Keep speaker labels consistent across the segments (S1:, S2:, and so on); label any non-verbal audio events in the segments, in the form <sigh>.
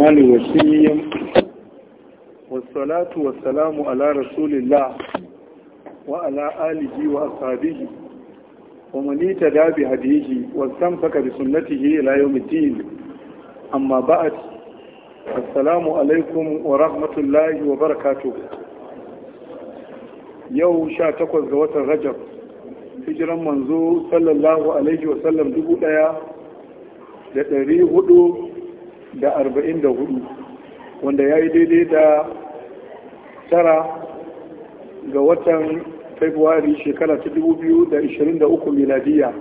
S1: mani wa shiyyan wasalatu wasalamu ala rasulillah wa ala alihi wa ashabihi wa mani ta dabi hadiji wa san faka bi sunnatihi ila yawmiddin amma ba'at assalamu alaikum wa rahmatullahi wa barakatuh yau takwas ga watan rajab hijiran manzo sallallahu Alayhi wa sallam dubu daya da ɗari hudu da arba'in da hudu wanda ya yi daidai da tara ga watan februari shekara ta dubu biyu da ishirin da uku miladiya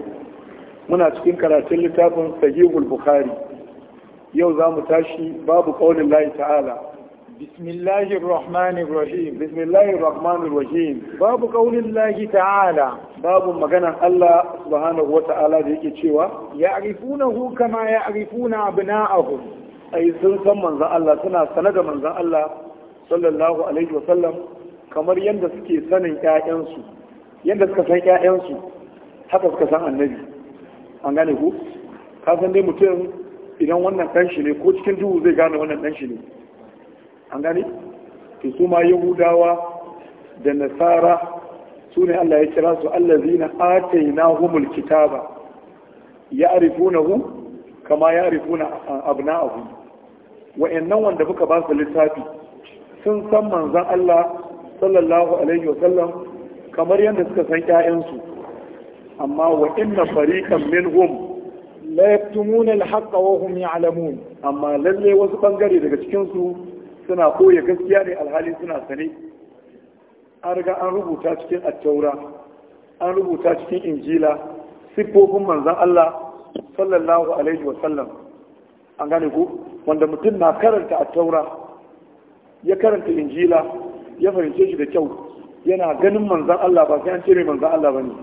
S1: muna cikin karatun littafin sahihul bukhari yau za mu tashi babu ƙaunin layi ta'ala بسم الله الرحمن الرحيم بسم الله الرحمن الرحيم باب قول الله تعالى باب مغنى الله سبحانه وتعالى ذيك تشيوا يعرفونه كما يعرفون أبناءهم أي سنسا من ذا الله سنة سنة من ذا الله صلى الله عليه وسلم كما يندسكي سنة يأينسو يندسك سنة يأينسو حتى سكسان النبي أنغاني هو kasan dai mutum idan wannan ɗan shi ne ko cikin duhu zai gane wannan ɗan shi ne an gane to su ma yahudawa da nasara su ne Allah ya kira su allazina atainahumul kitaba ya'rifunahu kama ya'rifuna abna'ahum wa'annan wanda muka ba su littafi sun san manzon Allah sallallahu alaihi wa sallam kamar yadda suka san su amma wa inna fariqan minhum la yaktumuna al-haqqa wa hum ya'lamun amma lalle wasu bangare daga cikin su suna koya gaskiya ne alhali suna sane an riga an rubuta cikin attaura an rubuta cikin injila siffofin manzan Allah sallallahu alaihi wa sallam an gane ku wanda mutum na karanta attaura ya karanta injila ya fahimce shi da kyau yana ganin manzan Allah ba sai an cire manzan Allah ba ne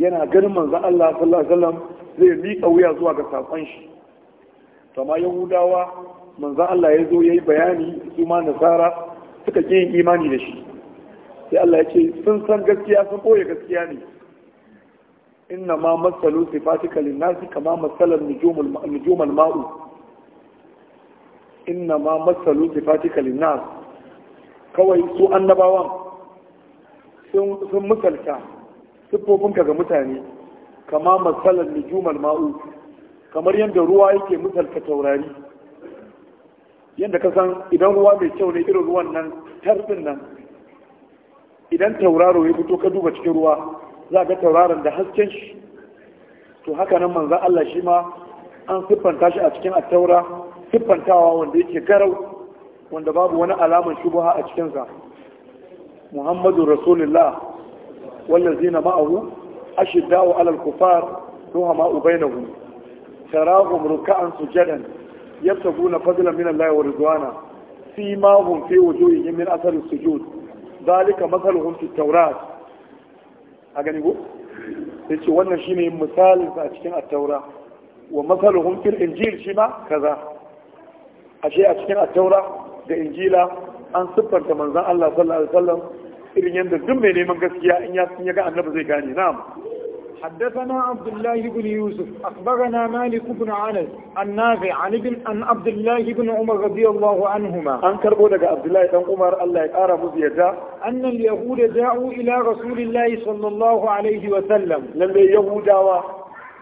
S1: yana ganin manzan Allah sallallahu alaihi wa sallam zai miƙa wuya zuwa ga saƙon shi. Tama Yahudawa manzo Allah ya zo ya yi bayani su ma nasara suka ke yin imani da shi sai Allah ya ce sun san gaskiya sun ɓoye gaskiya ne inna ma masalu sifatika linnasi kama masalan nujumul ma'u inna ma masalu sifatika linnas kawai su annabawan sun misalta siffofinka ga mutane kama masalan nujumul ma'u kamar yadda ruwa yake misalta taurari yadda ka san idan ruwa mai kyau ne irin ruwan nan tarfin nan idan tauraro ya fito ka duba cikin ruwa za ga tauraron da hasken shi to haka nan manzan Allah shi ma an siffanta shi a cikin attaura siffantawa wanda yake garau wanda babu wani alamar shubuha a cikinsa muhammadu rasulullah wallazina ma'ahu ashidda'u alal kufar ruhama ubainahu tarahum ruk'an sujadan yabtaguna fadlan min Allah wa ridwana fi ma hum fi wujuhihim min athar as-sujud zalika mathaluhum fi at-taurat a gani ko yace wannan shine misalin a cikin at-taura wa mathaluhum fil injil shima kaza ashe a cikin at da injila an siffanta manzon Allah sallallahu alaihi wasallam irin yadda duk mai neman gaskiya in ya ga annabi zai gane na'am حدثنا
S2: عبد الله بن يوسف أخبرنا مالك بن عنس النافع عن ابن أن عبد الله بن عمر رضي الله عنهما أن
S1: كربو عبد الله بن عمر الله يقارب زيدا
S2: أن اليهود جاءوا إلى رسول الله صلى الله عليه وسلم لما يهودا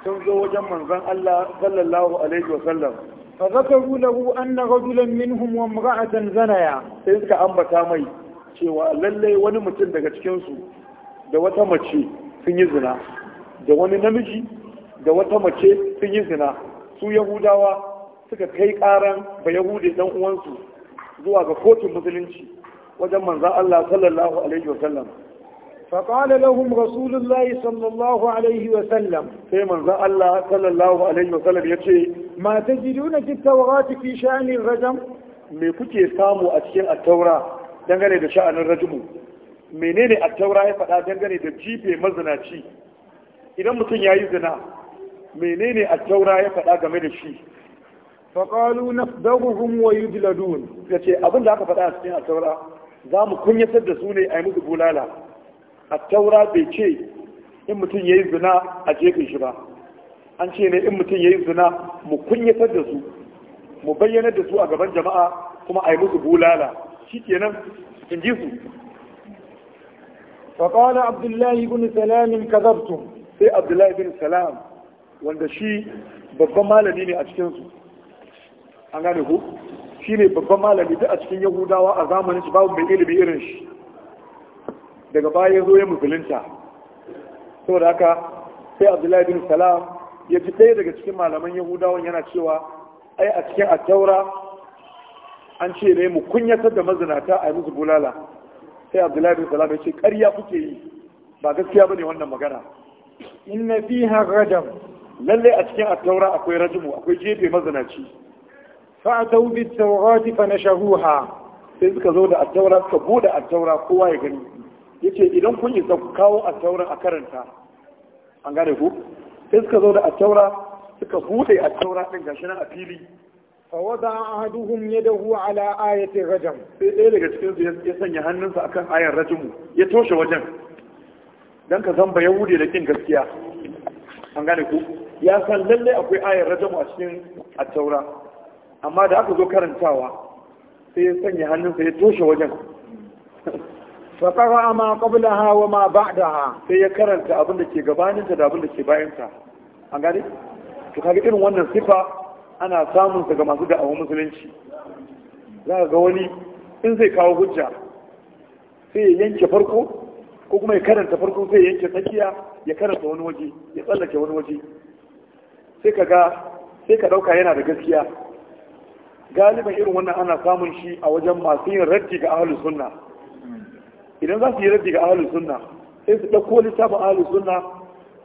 S1: سنزو جمع فان الله صلى الله عليه وسلم فذكروا له أن رجلا منهم وامرأة زنيا إذ أنبتا مي cewa للي ونمتن mutum daga cikinsu da wata mace da wani namiji da wata mace sun yi zina su yahudawa suka kai karan ba yahude dan uwansu zuwa ga kotun musulunci wajen manzan Allah sallallahu alaihi wa sallam فقال لهم رسول الله صلى الله عليه وسلم سيما الله صلى الله عليه وسلم يتشي ما تجدون في التوراة في شأن الرجم me kuke samu a cikin attaura dangane da sha'anin rajumu menene attaura ya faɗa dangane da jife mazinaci idan mutum ya yi zina menene a taura ya faɗa game da shi faƙalu na daguhun wayu biladun ya ce abin da aka faɗa a cikin a taura za mu kunyatar da su ne a yi musu bulala a taura bai ce in mutum ya yi zina a jefin shi ba an ce ne in mutum ya yi zina mu kunyatar da su mu bayyanar da su a gaban jama'a kuma a yi musu bulala shi kenan in ji su faƙalu abdullahi ibn salamin kazabtum sai abdullahi bin salam wanda shi babban malami ne a cikinsu an gane ku shi ne babban malami duk a cikin yahudawa a zamanin shi babu mai ilimi irin shi daga baya zo ya musulunta saboda haka sai abdullahi bin salam ya ji ɗaya daga cikin malaman yahudawan yana cewa ai a cikin ataura an ce ne mu kunyatar da mazinata a yi musu bulala sai abdullahi bin salam ya ce ƙarya kuke yi ba gaskiya ba ne wannan magana
S2: inna fiha rajam
S1: lalle a cikin attaura akwai rajimu, akwai jefe mazanaci fa atau bi tawrati fa nashahuha sai suka zo da at suka bude at kowa ya gani yace idan kun isa ku kawo attaura a karanta an gane ku sai suka zo da at suka bude at din gashi nan a fili fa wada
S2: ahaduhum yadahu ala ayati rajam
S1: sai ɗaya daga cikin su ya sanya hannunsa akan ayar rajimu. ya toshe wajen Dan ka zamba ya wude da kin gaskiya an gane ku ya san lalle akwai ayar rajamu a cikin attaura amma da aka zo karantawa sai ya sanya hannunsa ya toshe wajen faƙara ma qablaha wa ma ba'daha sai ya karanta abin da ke gabaninta da abin da ke bayanta an gane to kaga irin wannan sifa ana samun sa ga masu da'awa musulunci za ga wani in zai kawo hujja sai ya yanke farko ko kuma ya karanta farko zai yanke tsakiya ya karanta wani waje ya tsallake wani waje sai ka ga sai ka dauka yana da gaskiya galiban irin wannan ana samun shi a wajen masu yin raddi ga ahlus sunna idan za su yi raddi ga ahlus sunna sai su dauko littafin ahlus sunna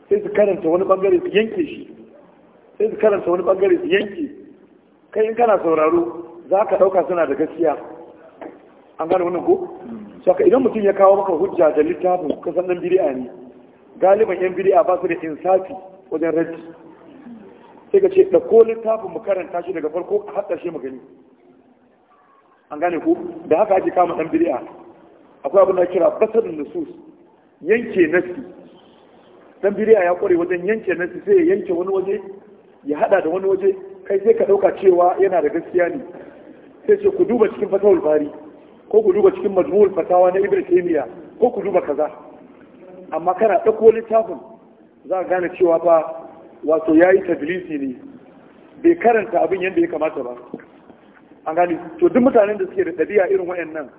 S1: sai su karanta wani bangare su yanke shi sai su karanta wani bangare su yanke kai in kana sauraro za ka dauka suna da gaskiya an gane wannan ko saka idan mutum ya kawo maka hujja da littafin kasan nan bid'a ne galiban yan biria ba su da insafi wajen rajji sai ka ce da ko littafin mu karanta shi daga farko a haɗa shi mu gani an gane ku da haka ake kama dan bid'a akwai abin da kira basarin nusus yanke nasi dan bid'a ya kware wajen yanke nasi sai ya yanke wani waje ya haɗa da wani waje kai sai ka ɗauka cewa yana da gaskiya ne sai ce ku duba cikin fatawul bari ko ku duba cikin majmu'ul fatawa na ibn taymiya ko ku duba kaza amma kana ɗauko littafin za ka gane cewa fa wato yayi tadlisi ne bai karanta abin yadda ya kamata ba an gani to duk mutanen da suke da ɗabi'a irin wayannan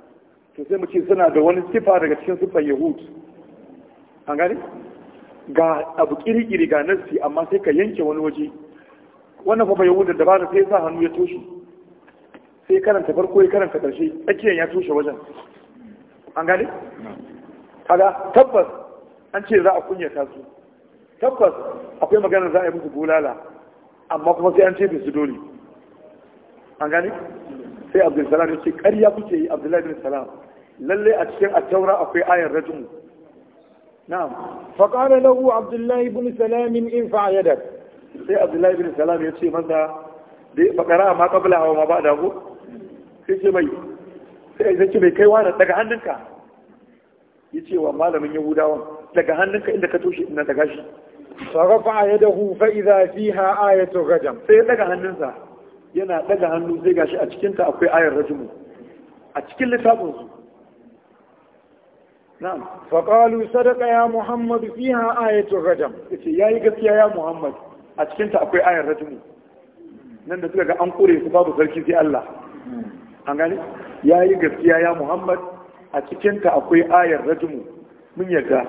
S1: to sai mu ce suna da wani sifa daga cikin sifar yahud an gani ga abu kirkiri ga nasi amma sai ka yanke wani waje wannan fa yahud da dabara sai sa hannu ya toshe sai karanta farko ya karanta ƙarshe tsakiyar ya tushe wajen an gane? kaga tabbas an ce za a kunyata su tabbas akwai magana za a yi musu bulala amma kuma sai an ce su dole an gane? sai abdulsalam ya ce ƙarya kuke yi abdullahi bin salam lallai a cikin attaura akwai ayar rajin na'am faƙara lahu abdullahi bin salamin in fa'ayyadar sai abdullahi bin salam ya ce masa da ya faƙara ma kabla hawa ma ba da ku sai ce mai sai zai ce mai kaiwa na daga hannunka ya ce wa malamin yahudawan daga hannunka inda ka toshe ina daga shi sarrafa a yadda yadahu fa fi ha ayatu rajam sai ya daga hannunsa yana daga hannu zai gashi a cikinta akwai ayar rajimu a cikin littafin su na'am ya qalu sadaqa ya muhammad fiha ayatu rajam yace yayi gaskiya ya muhammad a cikinta akwai ayar rajimu nan da suka ga an kore su babu sarki sai Allah an gane ya yi gaskiya ya muhammad a cikinta akwai ayar rajimu mun yarda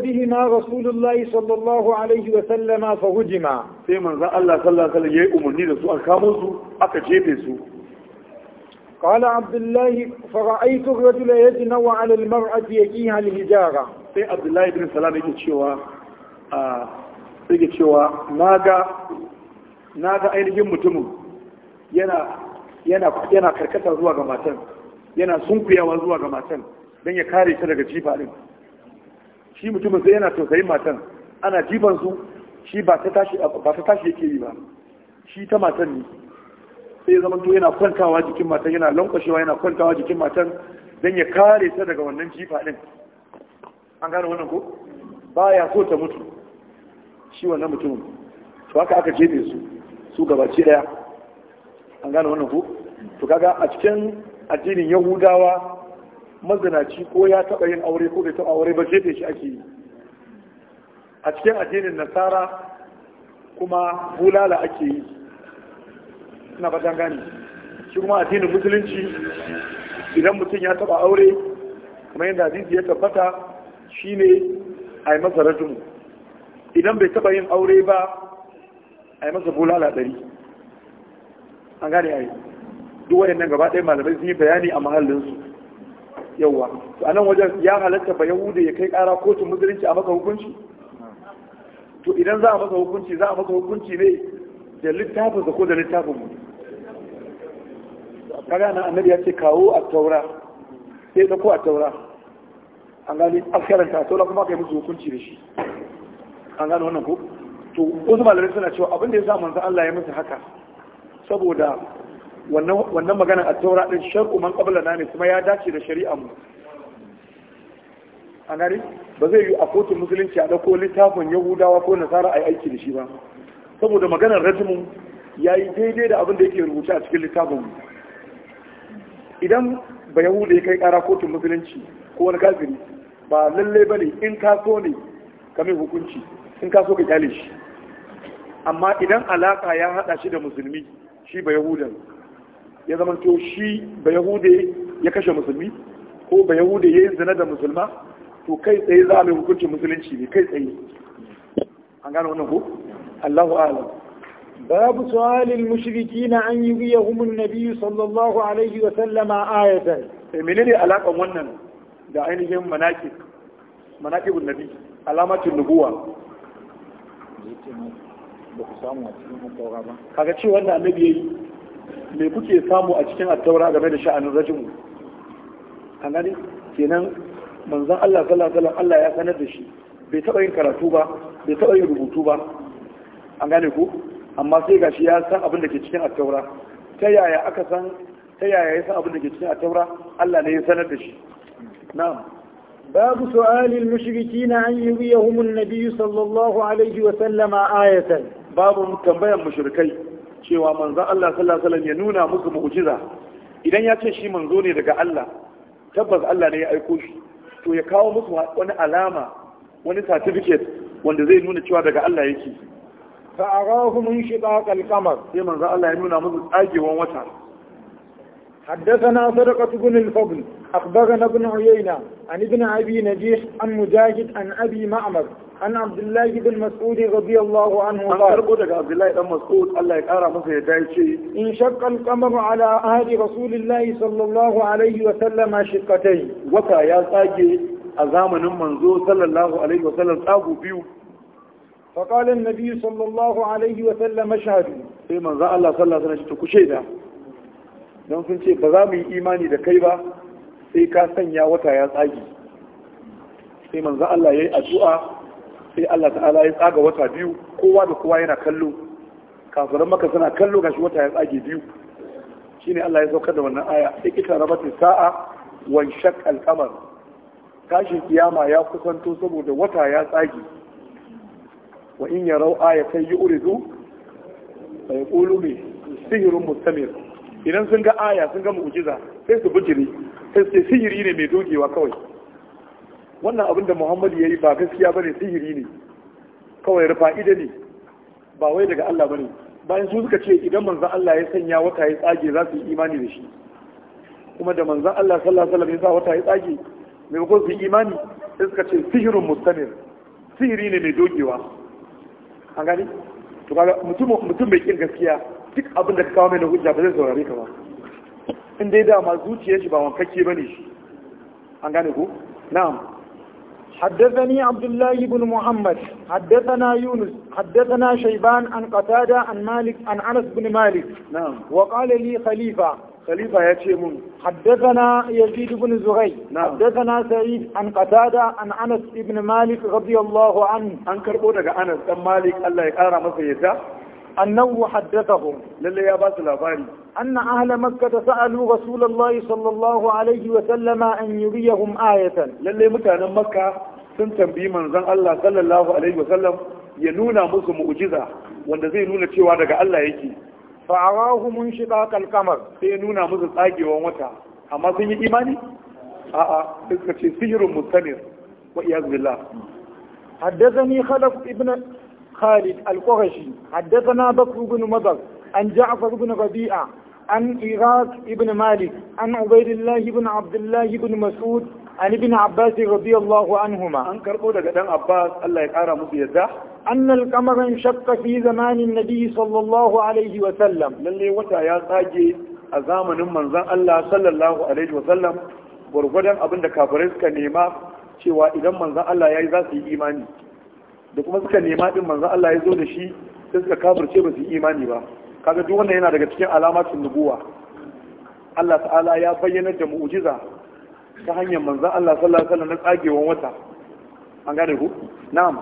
S1: bihi na رسول sallallahu alaihi wa sallama fa فهجما sai manza Allah sallallahu ya yi umarni da su an kamo su aka jefe su
S2: قال عبد الله فرأيت الرجل يجنو على المرأة يجيها
S1: الهجارة sai Abdullahi bin Salam yake cewa cewa naga naga ainihin mutumin yana yana karkata zuwa ga matan yana sunkuyawa zuwa ga matan don ya kare ta daga jifa din shi mutumin sai yana tausayin matan ana jifan su shi ba ta tashi yake yi ba shi ta matan ne sai ya zamanto yana kwantawa jikin matan yana lankwashewa yana kwantawa jikin matan don ya kare ta daga wannan jifa din an gane wannan ko ba ya so ta mutu shi wannan mutumin to haka aka jefe su su gabaci daya an gane wannan ku to kaga a cikin addinin yahudawa mazinaci ko ya taɓa yin aure ko bai taɓa aure ba sai dai shi ake yi a cikin addinin nasara kuma bulala ake yi ina dan gani shi kuma addinin musulunci idan mutum ya taɓa aure kamar yadda hadisi ya tabbata shine a yi masa rajumu idan bai taɓa yin aure ba a yi masa bulala ɗari an gane ai duk waɗannan gaba ɗaya malamai sun yi bayani a mahallinsu yawa to a nan wajen ya halatta ba yahuda ya kai ƙara kotun musulunci a maka hukunci to idan za a maka hukunci za a maka hukunci ne da littafin ko da littafin mu kaga nan annabi ya ce kawo a taura sai da ko a taura an gani askaranta a taura kuma kai musu hukunci da shi an gani wannan ko to wasu malamai suna cewa abin da ya sa manzo Allah ya musu haka saboda wannan magana a taura ɗin shar'u man ƙabla na ne kuma ya dace da shari'a mu a nari ba zai yi a kotun musulunci a ɗauko littafin yahudawa ko nasara a yi aiki da shi ba saboda maganar rajimin ya yi daidai da abin da yake rubuta a cikin littafin idan ba yahuda ya kai ƙara kotun musulunci ko wani kafiri ba lallai ba ne in ka so ne ka hukunci in ka so ka kyale shi amma idan alaka ya haɗa shi da musulmi shi ba ya zama to shi ba yahude ya kashe musulmi ko ba yahude ya yi zina da musulma to kai tsaye za a mai hukuncin musulunci ne kai tsaye an gano wannan ko Allahu a'lam
S2: babu su'alil mushrikina an yubiyahum an-nabiy sallallahu alaihi wa sallama ayatan
S1: eh menene alakan wannan da ainihin manaqib manaqibun nabi nubuwa ba ku samu a cikin attaura ba kaga ce wannan annabi yayi me kuke samu a cikin attaura game da sha'anin rajimu an gani kenan manzon Allah sallallahu alaihi wasallam Allah ya sanar da shi bai taɓa yin karatu ba bai taɓa yin rubutu ba an gane ku amma sai gashi ya san abin da ke cikin attaura ta yaya aka san ta yaya ya san abin da ke cikin attaura Allah ne ya sanar da shi na'am
S2: باب سؤال المشركين أن يريهم النبي صلى الله
S1: عليه وسلم آية babu tambayar mushrikai cewa manzon Allah sallallahu alaihi ya nuna musu mu'jiza idan ya ce shi manzo ne daga Allah tabbas Allah ne ya aiko shi to ya kawo musu wani alama wani certificate wanda zai nuna cewa daga Allah yake fa arahu mun shiqa al-qamar sai manzo Allah ya nuna musu tsagewan wata
S2: حدثنا صدقة بن الفضل أخبرنا ابن عيينة عن ابن أبي نجيح عن مجاهد عن أبي معمر an abdullahi bin
S1: mas'udi radiyallahu anhu an karbo daga abdullahi dan mas'ud Allah ya kara masa ya dace
S2: in shaqqa al-qamar ala ahli rasulillahi sallallahu alaihi wa sallama shiqqatayn wata ya tsage
S1: a zamanin manzo sallallahu alaihi wa sallam tsago biyu فقال النبي صلى الله عليه وسلم اشهدوا sai manzo Allah sallallahu alaihi wasallam ku shaida Dan sun ce ba za mu yi imani da kai ba sai ka sanya wata ya tsage sai manzo Allah yayi addu'a sai Allah ta'ala ya tsaga wata biyu kowa da kowa yana kallo kafiran maka suna kallo gashi wata ya tsage biyu shine Allah ya saukar da wannan aya kita rabati sa'a wan shaq al-qamar kiyama ya kusanto saboda wata ya tsage wa in yarau ayatan yuridu fa yaqulu bi sihrun mustamir idan sun ga aya sun ga mu'jiza sai su bijiri sai sihiri ne mai dogewa kawai wannan abin da muhammadu ya yi ba gaskiya ba ne sihiri ne kawai rufa ida ne ba wai daga allah ba ne bayan su suka ce idan manzan allah ya sanya wata ya tsage za su yi imani da shi kuma da manzan allah sallallahu alaihi ya sa wata ya tsage kuma su yi imani sai suka ce sihirin mustamir sihiri ne mai dogewa an gani to kaga mutum mai kin gaskiya duk abin da ka kawo mai na hujja ba zai saurare ka ba in dai dama zuciyar shi ba wankakke bane shi an gane ko na'am حدثني عبد الله بن محمد حدثنا
S2: يونس حدثنا شيبان عن قتادة عن مالك عن أنس بن مالك نعم وقال لي خليفة خليفة يا شيمون حدثنا يزيد بن زغي نعم. حدثنا سعيد عن قتادة عن أنس بن مالك رضي الله عنه عن كربونك أنس
S1: بن مالك الله يقرأ مسيدا أنه حدثهم للي يا باس الأباري
S2: أن أهل مكة سألوا رسول الله صلى الله عليه وسلم أن يريهم
S1: آية للي متانا مكة سنتم بمن زن الله صلى الله عليه وسلم ينونا مصر مؤجزة wanda zai nuna cewa daga Allah yake fa'arahu mun shiga kalkamar sai nuna musu tsagewan wata amma sun yi imani a'a suka ce sihirun mustamir wa iyaz billah حدثني خلف ابن
S2: خالد القرشي حدثنا بكر بن مضر عن جعفر بن ربيعة عن إيراك بن مالك عن عبيد الله بن عبد الله بن مسعود عن ابن عباس رضي الله عنهما أن كربو دان عباس الله يقارى مبيدا أن القمر انشق في زمان النبي صلى الله عليه وسلم
S1: للي وتا يا ساجي أزامن من زان الله صلى الله عليه وسلم gwargwadon abin da kafirai suka nema cewa idan manzan Allah ya yi za su yi imani da kuma suka nema din manzo Allah ya zo da shi sai suka kafirce ba su yi imani ba kaga duk wannan yana daga cikin alamatin nubuwa Allah ta'ala ya bayyana da mu'jiza ta hanyar manzo Allah sallallahu alaihi wasallam na tsagewan wata an gane ku na'am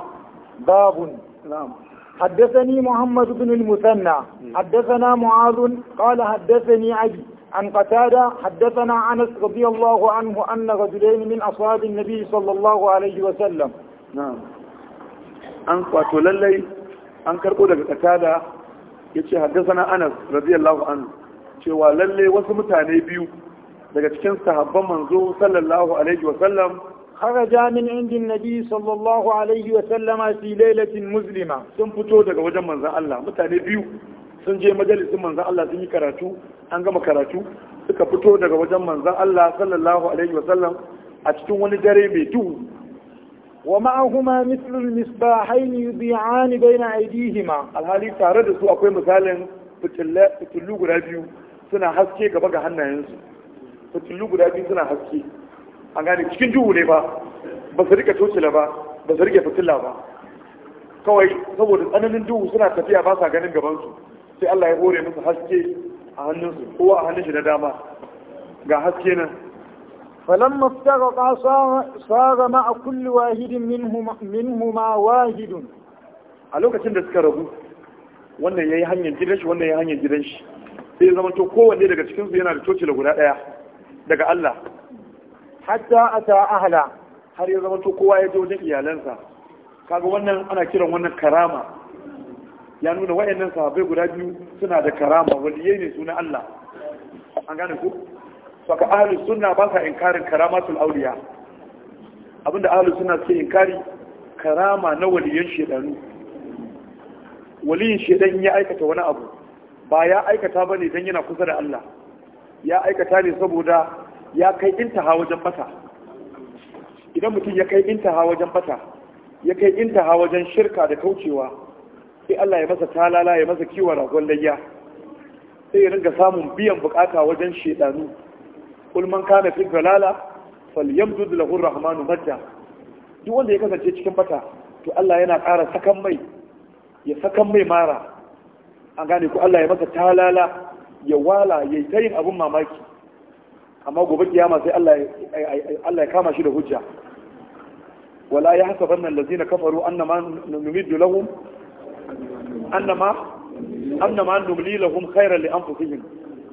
S1: babun
S2: na'am حدثني محمد بن المثنى حدثنا معاذ قال حدثني أبي عن قتادة حدثنا أنس رضي الله عنه أن رجلين من أصحاب النبي صلى الله عليه وسلم
S1: نعم an kwato lallai an karɓo daga katada ya ce haddasa anas radiyallahu anhu cewa lallai wasu mutane biyu daga cikin sahabban manzo sallallahu alaihi wa sallam kharaja min indin nabi sallallahu alaihi wa sallama fi lailatin muslima sun fito daga wajen manzon Allah mutane biyu sun je majalisin manzon Allah sun yi karatu an gama karatu suka fito daga wajen manzon Allah sallallahu alaihi wa sallam a cikin wani dare mai duhu
S2: ومعهما مثل المصباحين يضيعان
S1: بين أيديهما الهالي تارد سوء guda biyu suna haske gaba ga hannayensu. حنا guda biyu suna haske. حسكي أغاني cikin duhu ne ba ba su rike tocila ba ba su rike fitila ba kawai saboda tsananin duhu suna tafiya ba sa ganin gabansu sai Allah ya hore musu haske a hannunsu ko a hannun shi na dama ga haske nan فلما افترقا
S2: صار, صار مع كل واحد منهما, منهما واحد
S1: a lokacin da suka rabu wannan ya yi hanyar gidan shi wannan ya hanyar gidan shi sai zama to kowanne daga cikinsu yana da cocila guda ɗaya daga Allah hatta a ta ahala har ya zama to kowa ya je wajen iyalansa kaga wannan ana kiran wannan karama ya nuna wayannan sahabbai guda biyu suna da karama waliyai ne sunan Allah an gane ku saka ahlus sunna ba sa inkarin karamatul auliya abinda ahlus suna suke inkari karama na waliyan shedanu waliyin shedan ya aikata wani abu ba ya aikata bane dan yana kusa da Allah ya aikata ne saboda ya kai intaha wajen bata idan mutum ya kai intaha wajen bata ya kai intaha wajen shirka da kaucewa sai Allah ya masa talala ya masa kiwon ragon layya sai ya ringa samun biyan bukata wajen shedanu kul man kana fi dalala falyamdud lahu arrahmanu rahmanu duk wanda ya kasance cikin bata to Allah yana ƙara sakan mai ya sakan mai mara an gane ku Allah ya masa talala ya wala ya ta yin abun mamaki amma gobe kiyama sai Allah ya kama shi da hujja wala ya hasaban nan lazina kafaru annama numidu lahum annama annama numli lahum khairan li anfusihim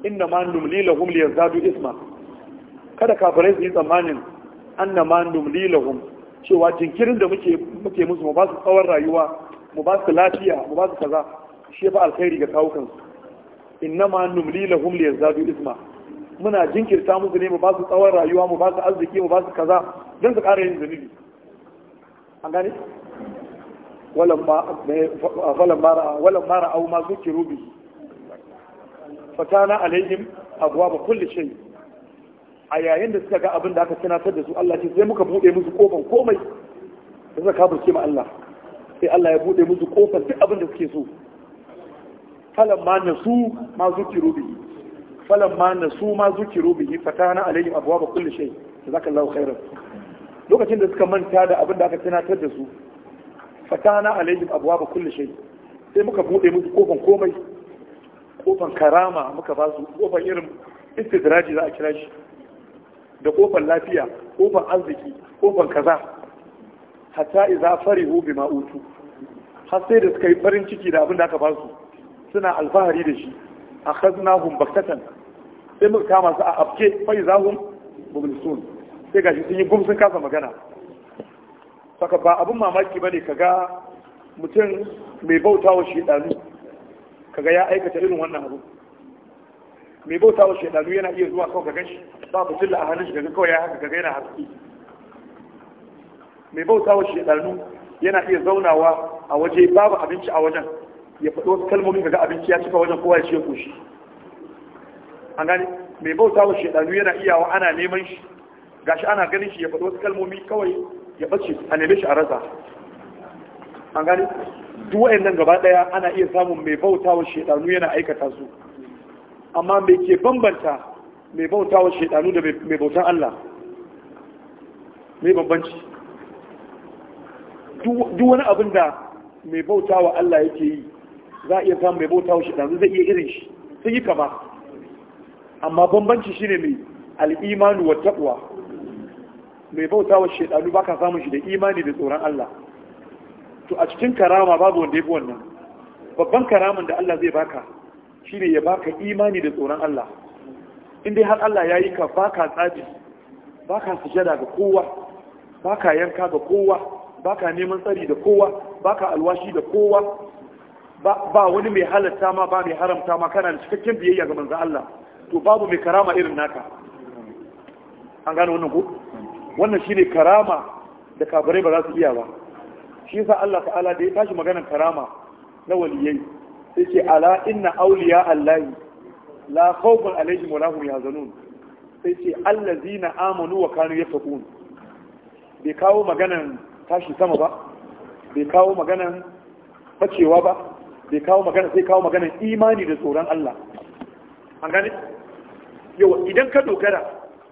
S1: innama numli lahum liyazdadu isma kada kafirai su yi tsammanin annama numli lahum cewa jinkirin da muke muke musu mu ba su tsawon rayuwa mu ba su lafiya mu ba su kaza shi fa alkhairi ga kawukan In kansu ma numli lahum liyazdadu isma muna jinkirta musu ne mu ba su tsawon rayuwa mu ba su arziki mu ba su kaza don su ƙara yin zunubi an gane walan mara au ma zuki rubi fatana alaihim abuwa ba kulle shai. a yayin da suka ga abin da aka tunatar da su Allah ce sai muka bude musu kofar komai da suka ce ma Allah sai Allah ya bude musu kofar duk abin da suke so falan ma nasu ma zukiru bihi falan ma nasu ma zukiru bihi fatana alaihim abwaaba kulli shay jazakallahu khairan lokacin da suka manta da abin da aka tunatar da su fatana alaihim ba kulli shay sai muka bude musu kofar komai kofar karama muka ba su kofar irin istidraji za a kira shi da kofar lafiya kofar arziki kofar kaza hatta iza farihu bima utu har sai da suka yi farin ciki da abin da aka ba su suna alfahari da shi akhadnahum baktatan sai muka kama su a abke fa izahum mublisun sai gashi sun yi gum sun kasa magana saka ba abin mamaki bane kaga mutum mai bautawa Ka kaga ya aikata irin wannan abu mai bauta wa shaidanu yana iya zuwa kawai ka gashi ba fitilla a hannun shi daga kawai ya haka kaga yana haske mai bauta wa shaidanu yana iya zaunawa a waje babu abinci a wajen ya faɗi wasu kalmomi daga abinci ya cika wajen kowa ya ciye koshi an gani mai bauta wa shaidanu yana iyawa ana neman shi gashi ana ganin shi ya faɗi wasu kalmomi kawai ya ɓace a neme shi a rasa an gani duk wa'annan gaba ɗaya ana iya samun mai bauta wa shaidanu yana aikata su amma mai ke bambanta mai bauta wa shaidanu da mai bautan Allah mai bambanci duk wani abin da mai bauta wa Allah yake yi za a iya samun mai bauta wa shaidanu zai iya irin shi sun yi kama amma bambanci ne mai al'imanu wa taɓuwa, mai bauta wa shaidanu ka samun shi da imani da tsoron Allah to a cikin karama babu wanda ya fi wannan babban karaman da Allah zai baka shine ya baka imani da tsoron Allah in dai har Allah ya yi ka baka tsabi baka sujada ga kowa baka yanka ga kowa baka neman tsari da kowa baka alwashi da kowa ba wani mai halatta ma ba mai haramta ma kana da cikakken biyayya ga manzo Allah to babu mai karama irin naka an gano wannan ko wannan shine karama da kabarai ba za su iya ba shi yasa Allah ta'ala da ya tashi maganar karama na waliyai sai ce ala inna auliya Allah la khawfun alaihim wa lahum yahzanun sai ce allazina amanu wa kanu yattaqun bai kawo maganan tashi sama ba bai kawo maganan bacewa ba bai kawo magana sai kawo maganan imani da tsoron Allah an gane yau idan ka dogara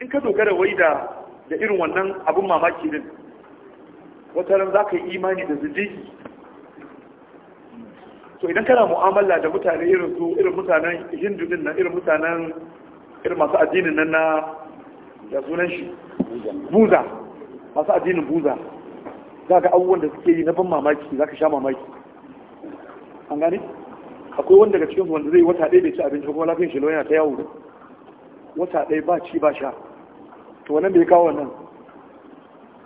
S1: in ka dogara wai da da irin wannan abun mamaki din wata ran za ka yi imani da zidiki to idan kana mu'amala da mutane irin su irin mutanen hindu din nan irin mutanen irin masu addinin nan na da sunan shi buza masu addinin buza za ka abubuwan da suke yi na ban mamaki za ka sha mamaki an gane akwai wanda daga cikin wanda zai wata ɗaya bai ci abinci kuma lafiyar shi lauya ta yawo wata ɗaya ba ci ba sha to wannan bai kawo wannan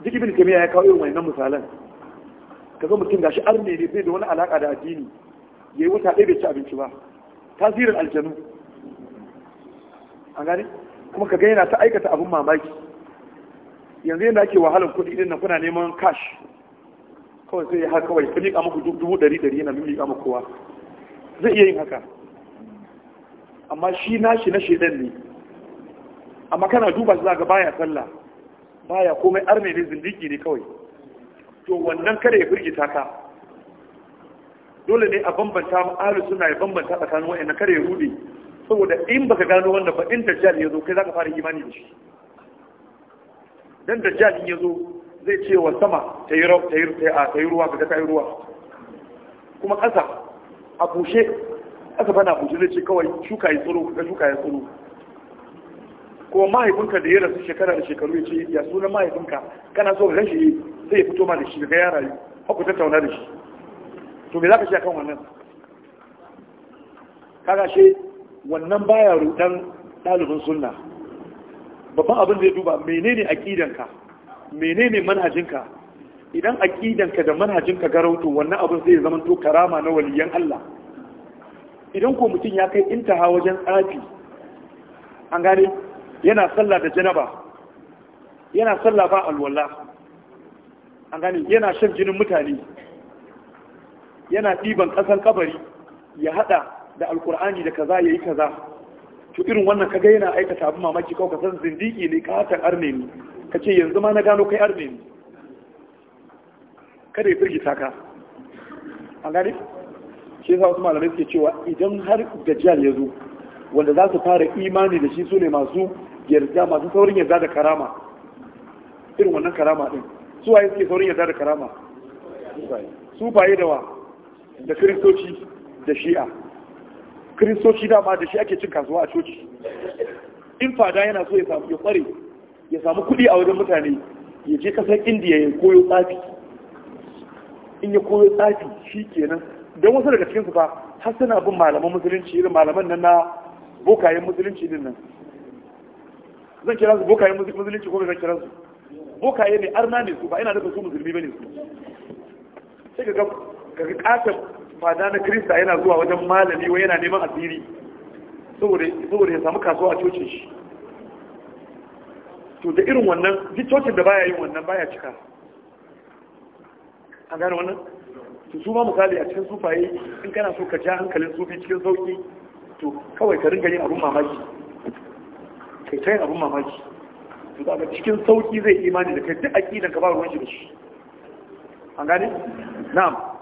S1: duk ibin kamiya ya kawo irin wannan misalan zo mutum gashi arne ne bai da wani alaka da addini ya yi wuta ɗaya bai ci abinci ba tasirin aljanu A gani kuma ka gani na ta aikata abin mamaki yanzu yadda ake wahalar kuɗi ɗin nan kuna neman cash kawai sai ya haka kawai ka miƙa muku dubu ɗari ɗari yana miƙa muku kowa zai iya yin haka amma shi nashi na shaidan ne amma kana duba su zaga baya sallah baya komai arme ne zindiki ne kawai to wannan kada ya firgita ka dole ne a bambanta mu suna ya bambanta tsakanin na kare ya saboda in baka gano wannan ba in dajjal ya zo kai zaka fara imani da shi dan dajjal ya zo zai ce wa sama ta yi ruwa ga ta yi ruwa kuma ƙasa a bushe ƙasa bana bushe zai ce kawai shuka ya tsoro kaga shuka ya tsoro ko mahaifinka da ya rasu shekara da shekaru ya ce ya sunan mahaifinka kana so ka gan shi zai fito ma da shi ga ya rayu haku tattauna da shi to me za ka shi kan wannan kaga shi wannan baya rudan ɗalibin sunna babban abin da ya duba menene aqidanka menene manhajinka idan aqidanka da manhajinka garautu wannan abin zai zama to karama na waliyan Allah idan ko mutum ya kai intaha wajen tsafi an gane yana sallah da janaba yana sallah ba alwala an gane yana shan jinin mutane yana ɗiban ƙasan kabari ya haɗa da alkur'ani da kaza ya yi kaza to irin wannan kaga yana aikata abin mamaki kawai kasan zindiki ne ka katon armeni ka ce yanzu ma na gano kai armeni kada ya firgita ka an gani, shi yasa wasu malamai suke cewa idan har dajjal ya zo wanda za su fara imani da shi su ne masu yarda masu saurin yarda da karama irin wannan karama din su waye suke saurin yarda da karama su baye da wa da kiristoci da shi'a kiristoci dama da shi ake cin kasuwa a coci in fada yana so ya samu ya kware ya samu kuɗi a wajen mutane ya je kasar indiya ya koyo tsafi in ya koyo tsafi shi kenan don wasu daga cikinsu ba, har suna bin malaman musulunci irin malaman nan na bokayen musulunci din nan zan kira su bokayen musulunci ko zan kira su bokaye ne arna ne su ba ina da su musulmi ne su sai ga kaga katon fada na krista yana zuwa wajen malami wa yana neman asiri saboda ya samu kasuwa a cocin shi to da irin wannan duk cocin da baya yin wannan baya cika A gane wannan to su ma misali a cikin sufaye in kana so ka ja hankalin sufi cikin sauki to kawai ka ringa yin abun mamaki kai ta yin abun mamaki to daga cikin sauki zai imani da kai duk aqidan ka ba ruwan shi da shi an gane na'am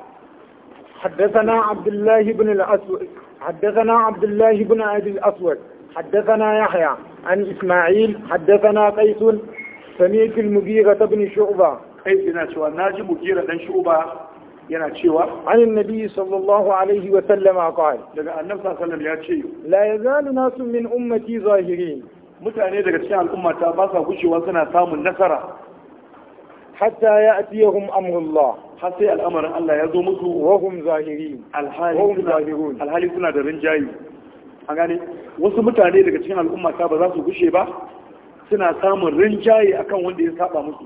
S2: حدثنا عبد الله بن الأسود حدثنا عبد الله بن أبي الأسود حدثنا يحيى عن إسماعيل حدثنا قيس سمعت المغيرة بن شعبة
S1: قيس هنا yana
S2: cewa anin nabi
S1: sallallahu alaihi wa sallama qala daga annabi sallallahu ya ce la yazalu min ummati zahirin mutane daga cikin al'umma ta ba sa gushewa suna samun nasara hatta ya ajiye amrullah har sai al'amarin Allah ya zo musu wa hum alhali suna da rinjayi a gane wasu mutane daga cikin al'umma ta ba za su gushe ba suna samun rinjaye akan wanda ya saba musu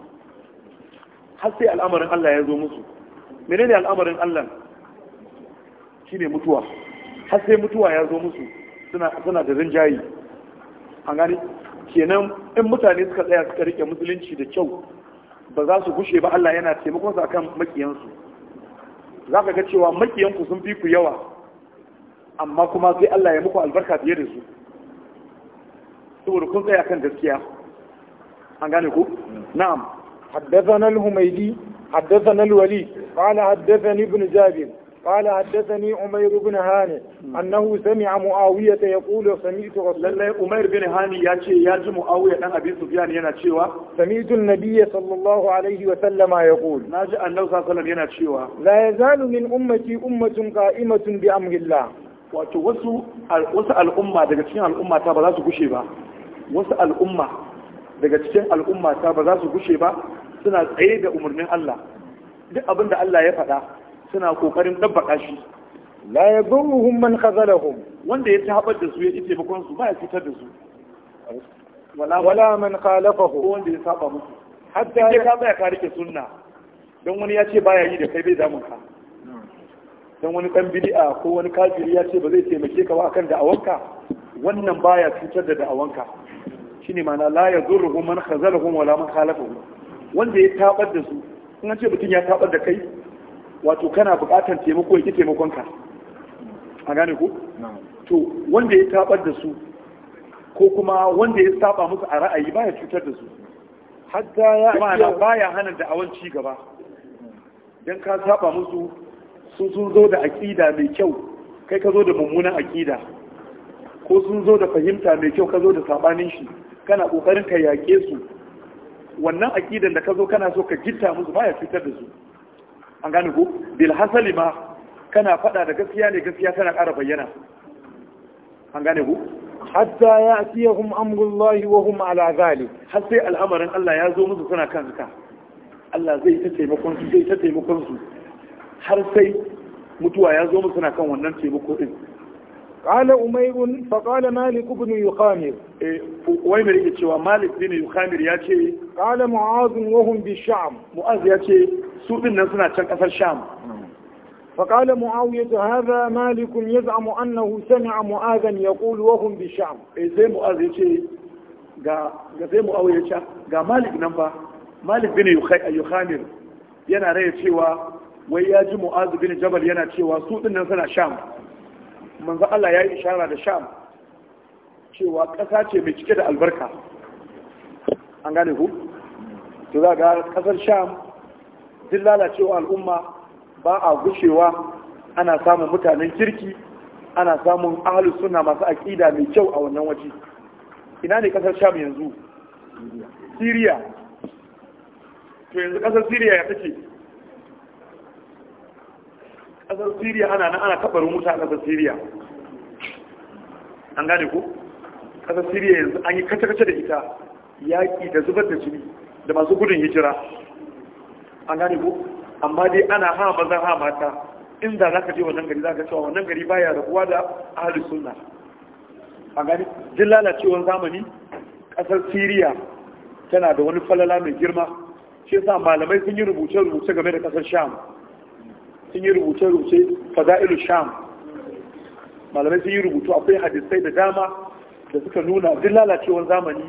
S1: har al'amarin Allah ya zo musu menene al'amarin Allah shi ne mutuwa har mutuwa ya zo musu suna da rinjaye an gane kenan in mutane suka tsaya suka rike musulunci da kyau ba za su gushe ba Allah yana taimakon su akan makiyansu za ka ga cewa makiyanku sun fi ku yawa amma kuma sai Allah ya muku albarka fiye da su saboda kun tsaya kan gaskiya an gane ku na'am haddathana al-humaydi haddathana al-walid qala haddathani ibn jabir
S2: قال حدثني عمير بن هاني أنه سمع معاوية يقول سمعت رسول الله عمير
S1: بن هاني ياتي ياتي معاوية أن أبي سفيان يناتشيوا
S2: سمعت النبي صلى
S1: الله عليه وسلم يقول ناجي أنه صلى الله عليه وسلم يناتشيوا لا يزال من أمتي أمة قائمة بأمر الله wato wasu wasu al'umma daga cikin al'umma ta ba za su gushe ba wasu al'umma daga cikin al'umma ta ba za su gushe ba suna tsaye da umarnin Allah duk abin da Allah ya faɗa suna kokarin dabbaka shi la zuruhum man khazalahum wanda ya tabar da su ya ce bakon su ba ya fitar da su wala wala man khalafahu wanda ya saba musu hatta ya ka tsaya ka sunna Dan wani ya ce baya yi da kai bai damun ka Dan wani dan bid'a ko wani kafiri ya ce ba zai taimake ka ba akan da'awanka wannan baya cutar da da'awanka shine ma'ana la zuruhum man khazalahum wala man khalafahu wanda ya tabar da su in an ce mutum ya tabar da kai wato kana bukatar taimako ya ki taimakonka a gane ku to wanda ya tabar da su ko kuma wanda ya saba musu a ra'ayi baya cutar da su hatta ya ma'ana baya hana da awan ci gaba dan ka saba musu sun sun zo da aƙida mai kyau kai ka zo da mummunan aƙida ko sun zo da fahimta mai kyau ka zo da sabanin shi kana ƙoƙarin ka yaƙe su wannan aƙidan da ka zo kana so ka gitta musu baya cutar da su an gane ku bil hasali ma kana faɗa da gaskiya ne gaskiya tana ƙara bayyana an gane ku hatta ya atiyahum amrullahi wa hum ala har sai al'amarin Allah ya zo musu suna kan haka Allah zai ta taimakon su zai ta taimakon su har sai mutuwa ya zo musu suna kan wannan taimako din Wai mai فقال cewa Malik يخامر أمير يقول مالك بن يخامر يأتي قال bi وهم بالشعب ya ce. su nan suna can kasar sham za
S2: فقال معاوية هذا مالك يزعم أنه سمع معاذا يقول وهم zai
S1: زي ya ce, ga zai ya ce. ga malik nan ba malik bin yukhanir yana raya cewa wai ya ji mu'azu bin jabal yana cewa su din nan suna sham manzo Allah ya yi ishara da sham cewa ƙasa ce mai cike da albarka an gane ku to za ga ƙasar sham duk lalacewa al'umma ba a gushewa ana samun mutanen kirki ana samun ahalus suna masu aƙida mai kyau a wannan waje ina ne ƙasar sham yanzu siriya to yanzu ƙasar siriya ya take ƙasar siriya ana nan ana kabar wuta a kasar siriya an gane ku ƙasar siriya yanzu an yi kace-kace da ita yaƙi da zubar da jini da masu gudun hijira an ko amma dai ana ha zan ha mata inda za ka je wannan gari za ka cewa wannan gari baya rabuwa da ahalus sunna an gane jin lalacewar zamani kasar siriya tana da wani falala mai girma shi yasa malamai sun yi rubuce-rubuce game da kasar sham sun yi rubuce-rubuce fada'ilu sham malamai sun yi rubutu akwai hadisai da dama da suka nuna duk lalacewar zamani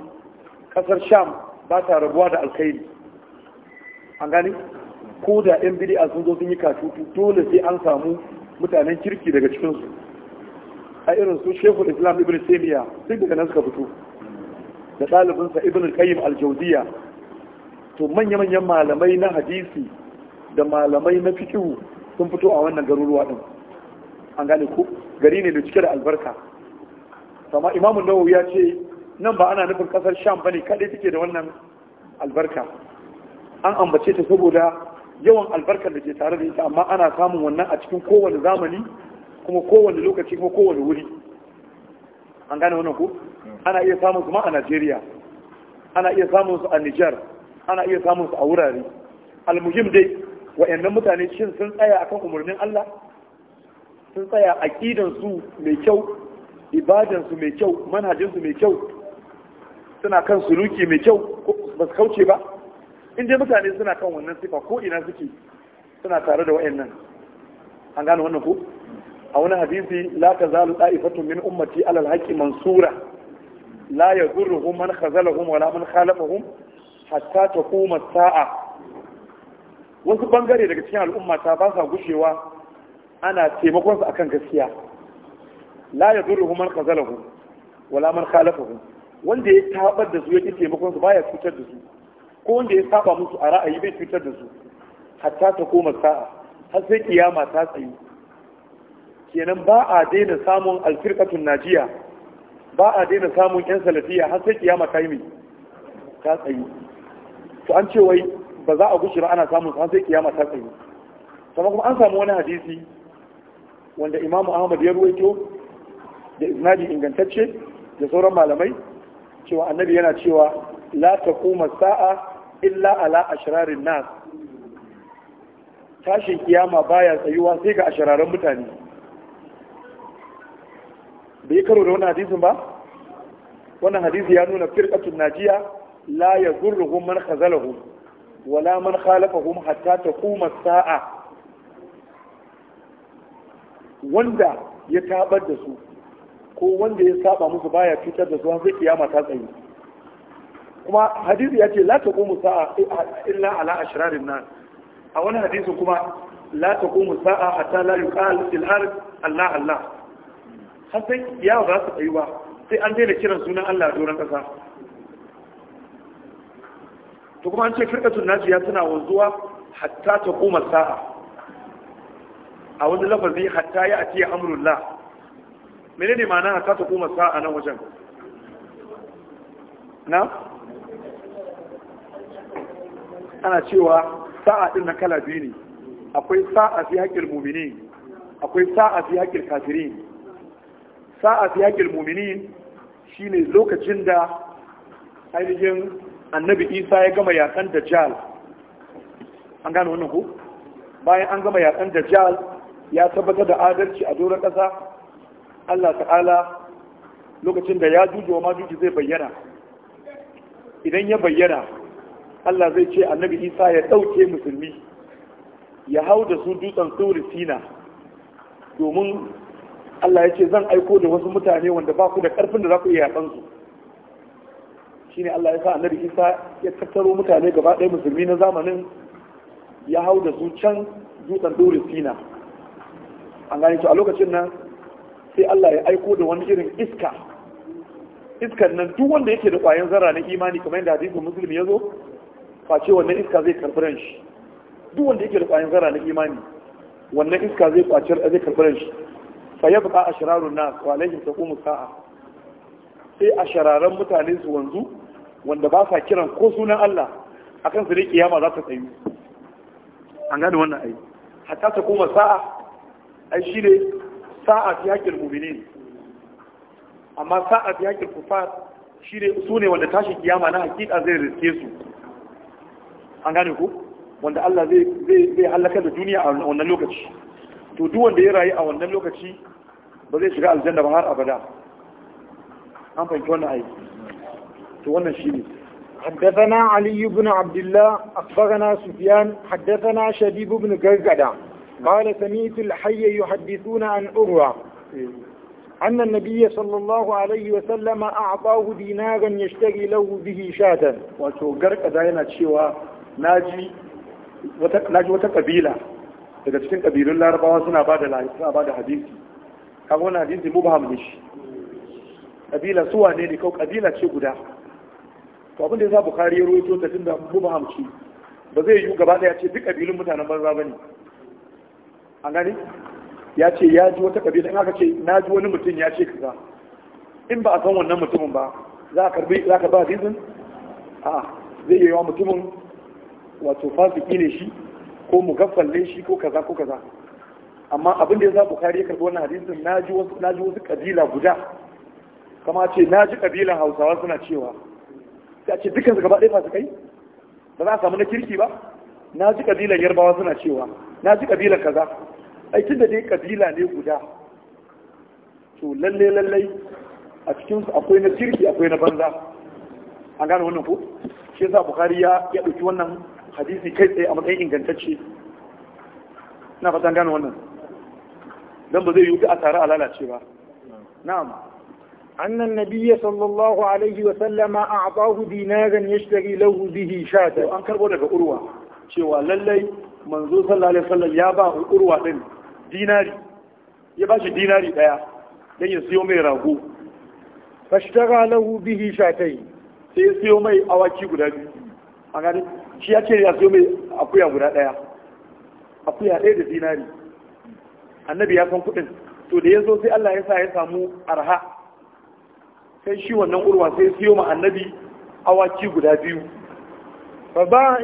S1: kasar sham ba ta rabuwa da alkhairi an gane ko da yan bid'a sun zo sun yi katutu dole sai an samu mutanen kirki daga cikinsu a irin su shehu islam ibn Semiya duk daga nan suka fito da ɗalibinsa ibn qayyim al to manya-manyan malamai na hadisi da malamai na fikihu sun fito a wannan garuruwa din an gane ku gari ne da cike da albarka amma imamu nawawi ya ce nan ba ana nufin kasar sham bane kadai take da wannan albarka an ambace ta saboda yawan albarkar da ke tare da ita amma ana samun wannan a cikin kowane zamani kuma kowane lokaci kuma kowane wuri an gane wannan ku? ana iya samun su ma a Najeriya ana iya samun su a Nijar. ana iya samun su a wurare almuhim dai wayannan mutane shin sun tsaya akan umarnin Allah sun tsaya aqidan su mai kyau ibadan mai kyau manhajin mai kyau suna kan suluki mai kyau ba su kauce ba in dai mutane suna kan wannan sifa ko ina suke suna tare da wa'annan an gane wannan ko a wani hadisi la tazalu da'ifatun min ummati alal haqqi mansura la yadurruhum man khazalahum wala man khalafahum hatta taquma sa'a wasu bangare daga cikin al'umma ta ba sa gushewa ana taimakon su akan gaskiya la yadurruhum man khazalahum wala man khalafahum wanda ya tabar da su yake taimakon su baya cutar da su ko wanda ya saba musu a ra'ayi bai cutar da su hatta ta koma sa'a har sai kiyama ta tsaye kenan ba a daina samun alfirkatun najiya ba a daina samun yan salafiya har sai kiyama ta yi mai ta tsaye to an ce wai ba za a gushi ba ana samun har sai kiyama ta tsaye sama kuma an samu wani hadisi wanda imamu ahmad ya ruwaito da iznadi ingantacce da sauran malamai cewa annabi yana cewa la kuma sa'a illa ala ashrarin nas tashin kiyama baya tsayuwa sai ga ashirarin mutane bai karo da wannan hadisi ba wannan hadisi ya nuna firqatun najiya la yadurruhum man khazalahu wala man khalafahum hatta taquma sa'a wanda ya tabar da su ko wanda ya saba musu baya fitar da su har kiyama ta tsaye kuma hadisi ya ce la taqumu sa'a illa ala ashrarin nan. a wani hadisin kuma la taqumu sa'a hatta la yuqal fil Allah Allah har sai ya ba su tsayu ba sai an daina kiran sunan Allah a doron ƙasa. to kuma an ce firqatun najiya tana wanzuwa hatta ta taquma sa'a a wani lafazi hatta ya atiya amrullah menene ma'ana hatta taquma sa'a nan wajen na ana cewa sa'a din na kala biyu ne akwai sa'a fi haƙƙin mumini akwai sa'a fi haƙƙin kafirin sa'a fi haƙƙin mumini shine lokacin da ainihin annabi isa ya gama yakan dajjal an gane wannan ku bayan an gama yakan dajjal ya tabbatar da adalci a doron ƙasa allah ta'ala lokacin da ya jujuwa ma juji zai bayyana idan ya bayyana Allah zai ce annabi Isa ya ɗauke musulmi ya hau da su dutsen tsuri sina domin Allah ya ce zan aiko da wasu mutane wanda ba ku da ƙarfin da za ku iya yakan su shine Allah ya sa annabi Isa ya tattaro mutane gaba ɗaya musulmi na zamanin ya hau da su can dutsen tsuri sina an gane su a lokacin nan sai Allah ya aiko da wani irin iska iskar nan duk wanda yake da ƙwayan zarra na imani kamar yadda hadisin musulmi ya zo face wannan iska zai karɓi ran shi duk wanda yake da kwayan zara na imani wannan iska zai kwaci zai karɓi ran shi fa ya buƙa a shirarun nas wa alaihim taqumu sa'a sai a shararan mutane su wanzu wanda ba sa kiran ko sunan Allah akan su ne kiyama za ta tsayu an gane wannan ai hatta ta kuma sa'a ai shi ne sa'a fi haƙƙin mu'minin amma sa'a fi haƙƙin kufar shi ne su ne wanda tashin kiyama na hakika zai riske su an gane ku wanda Allah zai zai halaka da duniya a wannan lokaci to duk wanda ya rayu a wannan lokaci ba zai shiga aljanna ba har abada an fahimci
S2: wannan ayi to wannan shine حدثنا علي بن عبد الله أخبرنا سفيان حدثنا شبيب بن جرجدة قال سميت الحي يحدثون عن أروى أن النبي صلى الله عليه وسلم أعطاه
S1: دينارا يشتري له به شاة وتوقرك داينا تشيوا Na ji wata kabila daga cikin kabilun larabawa suna ba da hadisi kaga hadithi hadisi ba ne shi kabila suwa ne ne kawo kabila ce guda to abin da sa bukhari ya rawaito ta tunda ba ce ba zai yi gaba daya ce duk kabilun mutanen banza ne. an gani ya ce ya ji wata kabila in aka ce na ji wani mutum ya ce kaza in ba a san wannan mutumin ba za ka ba hadisin a zai yi wa mutumin wato fasiki ne shi ko mugaffal ne shi ko kaza ko kaza amma abin da ya sa bukari ya karbi wannan hadisin naji wasu naji wasu kabila guda kama ce naji kabilan hausawa suna cewa sai a ce dukkan su gaba ɗaya fasikai ba za a samu na kirki ba naji kabilan yarbawa suna cewa naji kabilan kaza ai tunda dai kabila ne guda to lalle lalle a cikin su akwai na kirki akwai na banza an gane wannan ko shi yasa bukari ya ya dauki wannan hadisi kai tsaye a matsayin ingantacce na fatan gano wannan don ba zai yi a tare a lalace ba na'am annan ya sallallahu
S2: alaihi wa sallama a abahu dinarin ya shigari lahu bihi sha an karbo daga urwa
S1: cewa lallai manzo sallallahu alaihi ya ba urwa din dinari ya ba shi dinari daya dan ya siyo mai rago fashtara lahu bihi sha tai sai siyo mai awaki guda biyu a gani. shi ya ce ya zo mai akuya guda ɗaya akuya ɗaya da dinari annabi ya san kuɗin to da ya zo sai Allah ya sa ya samu arha sai shi wannan urwa sai siyo ma annabi awaki guda biyu fa ba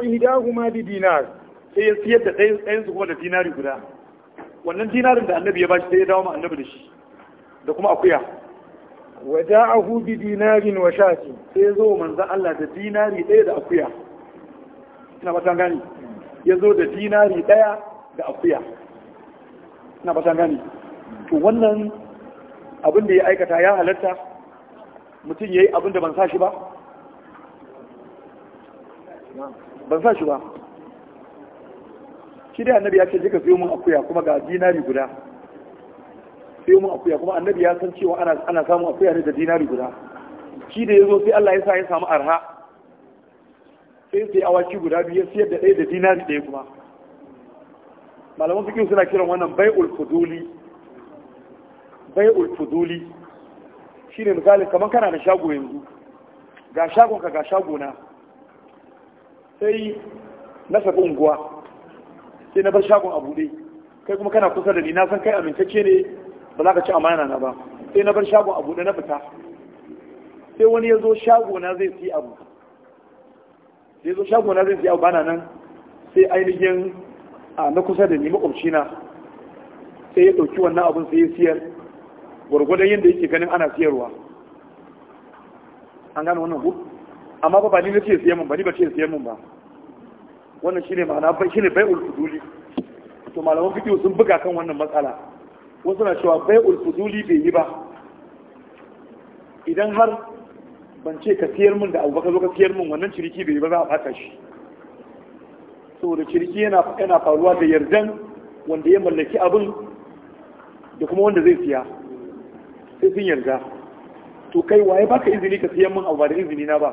S1: ma bi dinar sai ya siyar da ɗayan su kuma da dinari guda wannan dinarin da annabi ya bashi sai ya dawo ma annabi da shi da kuma akuya
S2: wa ja'ahu bi dinarin
S1: wa shati sai ya zo manzo Allah da dinari ɗaya da akuya ina ba gani ya zo da dinari daya da akuya ina ba gani to wannan abin da ya aikata ya halatta mutum ya yi abin da ban sa shi ba ban sa shi ba shi dai annabi ya ce jika siyo mun akuya kuma ga dinari guda siyo mun akuya kuma annabi ya san cewa ana samun akuya ne da dinari guda shi da ya zo sai Allah ya sa ya samu arha sai sai awaki guda biyu siyar da ɗaya da dinari ɗaya kuma malaman fikin suna kiran wannan bai'ul fuduli bai'ul fuduli shine misali kamar kana da shago yanzu ga shagon ka ga na sai na saka unguwa sai na bar shagon a buɗe kai kuma kana kusa da ni na san kai amintacce ne ba za ka ci amana na ba sai na bar shagon a buɗe na fita sai wani ya zo na zai siya abu sai zo shago na zai siya ba na nan sai ainihin a na kusa da ni makwabci na sai ya ɗauki wannan abin sai ya siyar gwargwadon yadda yake ganin ana siyarwa an gane wannan ku amma ba ba ni na ce siyan mun ba ni ba ce siyan mun ba wannan shine ma'ana bai shine bai'ul fuduli to malaman fiqh sun buga kan wannan matsala wasu na cewa bai'ul fuduli bai yi ba idan har ban ce ka siyar min da abubakar zo ka siyar min wannan ciriki bai ba za a fata shi saboda ciriki yana yana faruwa da yardan wanda ya mallaki abin da kuma wanda zai siya sai sun yarda to kai waye baka izini ka siyan min abu ba da izini na ba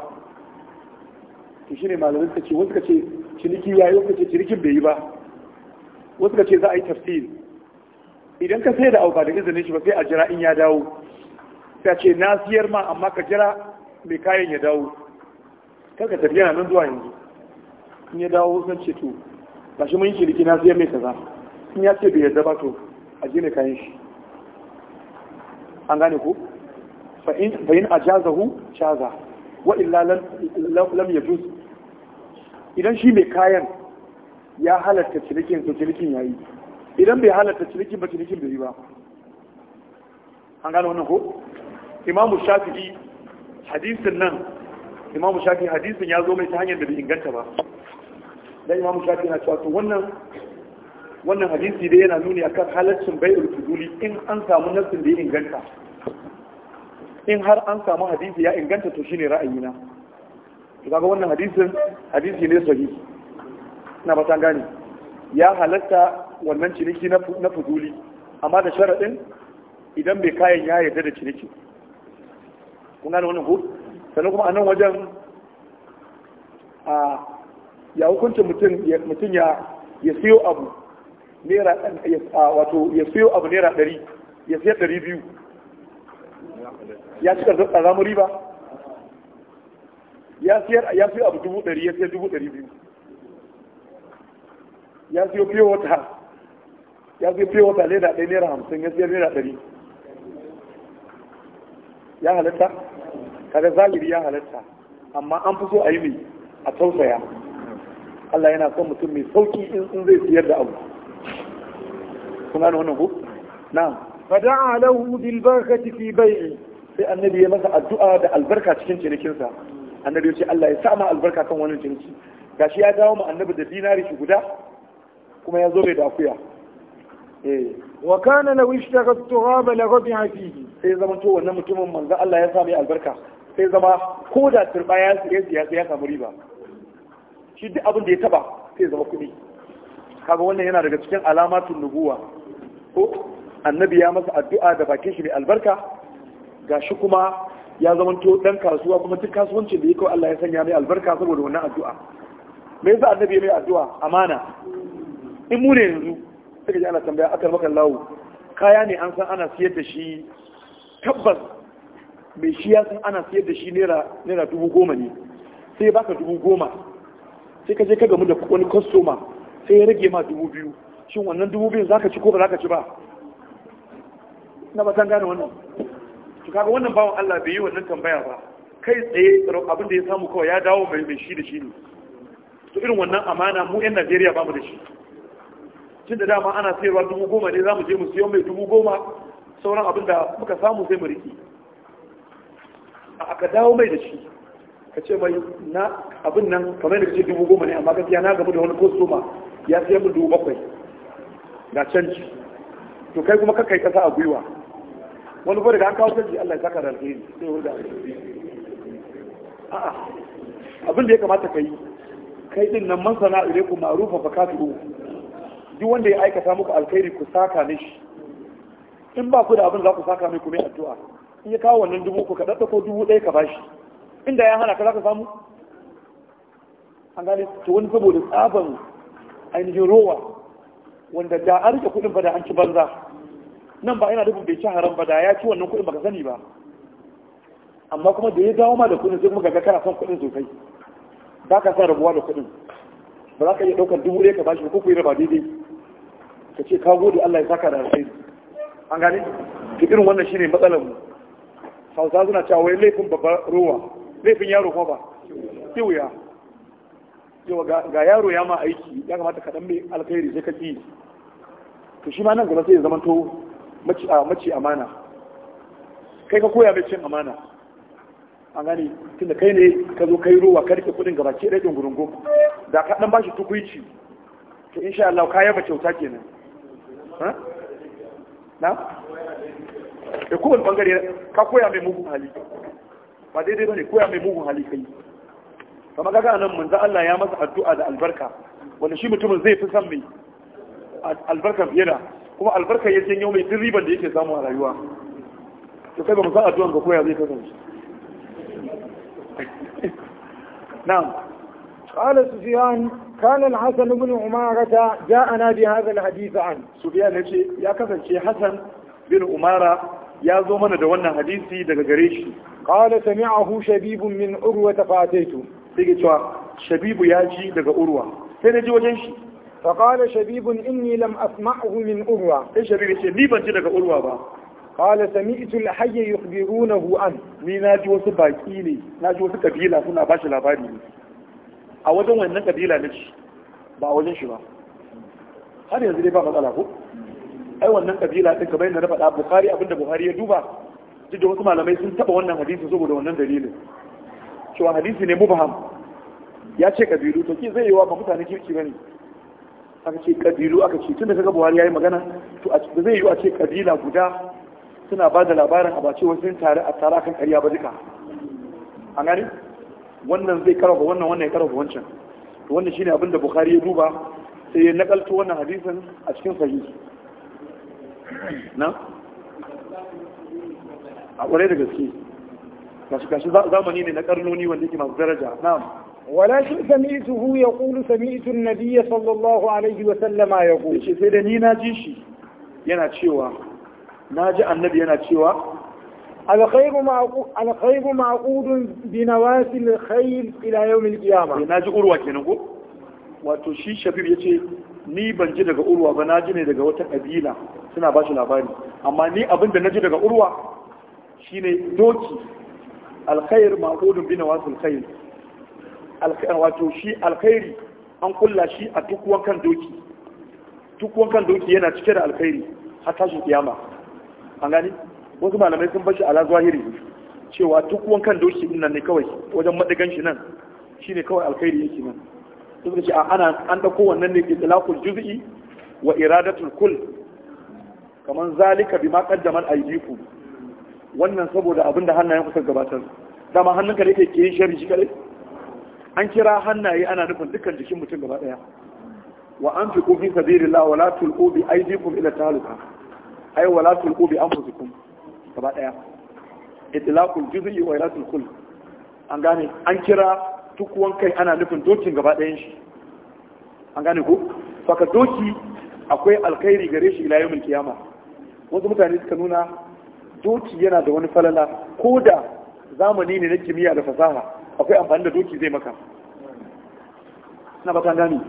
S1: to shine malamin ka ce wasu ka ce ciniki ya yi wasu ka ce cirikin bai yi ba wasu ka ce za a yi tafsir idan ka sai da abu ba da izinin shi ba sai a jira in ya dawo Ta ce na siyar ma amma ka jira mai kayan ya dawo kanka tafi yana nan zuwa yanzu in ya dawo zan ce to ba shi mun yi ciniki sai mai kaza in ya ce bai yarda ba to a gina kayan shi an gane ko fa in jazahu shaza wa illa lam yajuz idan shi mai kayan ya halatta cinikin to cinikin yayi idan bai halatta cinikin ba cinikin bai yi ba an gane wannan ko imamu shafi'i hadisin nan imamu shafi hadisin ya zo mai ta hanyar da bai inganta ba dan imamu shafi na cewa to wannan wannan hadisi dai yana nuni akan halaccin bai'ul fuduli in an samu nassin da ya inganta in har an samu hadisi ya inganta to shine ra'ayina to kaga wannan hadisin hadisi ne sahihi ina ba ta gane ya halatta wannan ciniki na fuduli amma da sharadin idan bai kayan ya yarda da ciniki kuna da wani hu sannan kuma a nan wajen a ya hukunci mutum ya ya siyo abu naira wato ya siyo abu naira ɗari ya siya ɗari biyu ya cika zama riba ya siyar ya siyo abu dubu ɗari ya siya dubu ɗari biyu ya siyo fiye wata ya siyo fiye wata naira ɗaya naira hamsin ya siya naira ɗari ya halatta kaga zahiri ya halatta amma an fi so a yi mai a tausaya Allah yana son mutum mai sauki in zai siyar da abu kuna da wannan ku, na. na'am fada'a lahu bil barakati fi bai'i sai annabi ya masa addu'a da albarka cikin cinikinsa annabi ya ce Allah ya sa ma albarka kan wannan ciniki gashi ya dawo mu annabi da dinari shi guda kuma ya zo mai da akuya eh. wa kana law ishtaqa turaba la rabi'a fihi sai zamanto wannan mutumin manzo Allah ya sa mai albarka sai zama ko da turba ya siya ya samu riba shi duk abin da ya taba sai zama kuɗi kaga wannan yana daga cikin alamatun nubuwa ko annabi ya masa addu'a da bakin shi mai albarka Ga shi kuma ya to dan kasuwa kuma duk kasuwancin da yake Allah ya sanya mai albarka saboda wannan addu'a me yasa annabi ya mai addu'a amana in mu ne yanzu sai ga ana tambaya akar makallahu kaya ne an san ana siyar da shi tabbas mai shi ya san ana siyar da shi naira dubu goma ne sai baka dubu goma sai ka je ka gamu da wani kwastoma sai ya rage ma dubu biyu shin wannan dubu biyu za ka ci ko ba za ka ci ba na ba san gane wannan to kaga wannan bawan Allah bai yi wannan tambaya ba kai tsaye abin da ya samu kawai ya dawo mai mai shi da shi ne to irin wannan amana mu yan Najeriya ba mu da shi tun da dama ana sayarwa dubu goma ne za mu je mu siyo mai dubu goma sauran abin da muka samu sai mu riki a ka dawo mai da shi ka ce mai na abin nan kamar da ce dubu goma ne amma gaskiya na gaba da wani kostoma ya siya min dubu bakwai ga canji to kai kuma kakai kasa a gwiwa wani ko daga an kawo canji Allah ya saka da alheri sai wanda a'a abin da ya kamata ka yi kai din nan man sana ku ma'rufa fa kafiru duk wanda ya aikata muku alkhairi ku saka shi in ba ku da abin za ku saka mai ku mai addu'a in ya kawo wannan dubu uku ka ko dubu ɗaya ka bashi inda ya hana ka za ka samu an gane to wani saboda tsaban ainihin rowa wanda da an rike kuɗin ba da an ci banza nan ba yana dubu bai ci haram ba da ya ci wannan kuɗin ba ka sani ba amma kuma da ya dawo ma da kuɗin sai kuma ga kana son kuɗin sosai ba ka sa rabuwa da kuɗin ba za ka iya ɗaukar dubu ɗaya ka bashi ko ku yi raba daidai ka ce ka gode Allah ya saka da alkhairi an gane to irin wannan shine matsalar mu hausa suna cewa wai laifin babba rowa laifin yaro kuma ba ya. Yau ga yaro ya ma aiki ya kamata ka dan mai alkhairi sai ka ki to shi ma nan gaba sai ya zama to mace amana kai ka koya mai cin amana an gani tunda kai ne ka zo kai rowa ka rike kudin gaba ke dakin gurungu da ka dan bashi tukuici to insha Allah ka yaba kyauta kenan na da bangare ka koya mai mugun hali ba daidai bane koya mai mugun hali kai kama kaga nan manzo Allah ya masa addu'a da albarka wanda shi mutumin zai fi san mai albarka fiye da kuma albarka ya yau mai din riban da yake samu a rayuwa to kai ba mu san addu'an ga koya zai kasance <laughs> na'am
S2: قال سفيان كان الحسن بن عمارة جاءنا بهذا الحديث عنه سفيان يا كفن شي حسن
S1: بن عمارة ya zo mana da wannan hadisi daga gare shi qala sami'ahu shabibun min urwa fataitu sai cewa shabibu ya ji daga urwa sai na ji wajen shi fa qala shabibun inni lam asma'hu min urwa sai shabibu ya ce ni ban ji daga urwa ba قال سمعت الحي yukhbirunahu an. ni na ji wasu baki ne na ji wasu kabila suna ba shi labari ne a wajen wannan kabila ne ba a wajen shi ba har yanzu dai ba matsala ko ai wannan kabila din kamar yadda na faɗa Bukhari abinda Bukhari ya duba duk da wasu malamai sun taba wannan hadisi saboda wannan dalilin cewa hadisi ne mubham ya ce kabilu to ki zai yiwa ba mutane kirki bane aka ce kabilu aka ce tunda kaga Buhari yayi magana to a zai yiwa a ce kabila guda suna ba da labarin a bace wasu tare a tare akan ƙarya ba duka an gani wannan zai karafa wannan wannan ya karafa wancan to wannan shine abinda Bukhari ya duba sai ya nakalto wannan hadisin a cikin sahihi na a ƙwarai da gaske kashi kashi zamani ne na karnoni wanda ke masu daraja
S2: Wala shi sami na'am ولكن سمعته يقول سمعت النبي صلى الله عليه وسلم يقول شي sai da ni na ji shi yana cewa na ji annabi yana cewa alkhairu ma'qud alkhairu ma'qud
S1: bi nawasil khair ila yawm al-qiyamah eh, na ji urwa kenan ko wato shi shabib yace ni ban ji daga urwa ba na ji ne daga wata kabila suna ba shi labari amma ni abin da na ji daga urwa shine doki alkhair ma'udun bi nawasil khair wato shi alkhairi an kulla shi a duk wankan doki duk wankan doki yana cike da alkhairi har tashin kiyama an gani wasu malamai sun bashi ala zahiri cewa duk wankan doki din nan ne kawai wajen madigan shi nan shine kawai alkhairi yake nan suka ce ana an dauko wannan ne itlaqul juz'i wa iradatul kull kaman zalika bima qaddamat aydikum wannan saboda abinda hannayen ku suka gabatar dama hannunka ne yake yin sharri shi kare an kira hannaye ana nufin dukkan jikin mutum gaba daya wa anfiqu fi sabilillah wa la tulqu bi aydikum ila taluka ay wa la tulqu bi anfusikum gaba daya itlaqul juz'i wa iradatul kull an gane an kira duk kai ana nufin dokin gaba ɗayan shi an gane ko faka doki akwai alkhairi gare shi ila yawmin kiyama wasu mutane suka nuna doki yana da wani falala ko da zamani ne na kimiyya da fasaha akwai amfani da doki zai maka na ba ta gani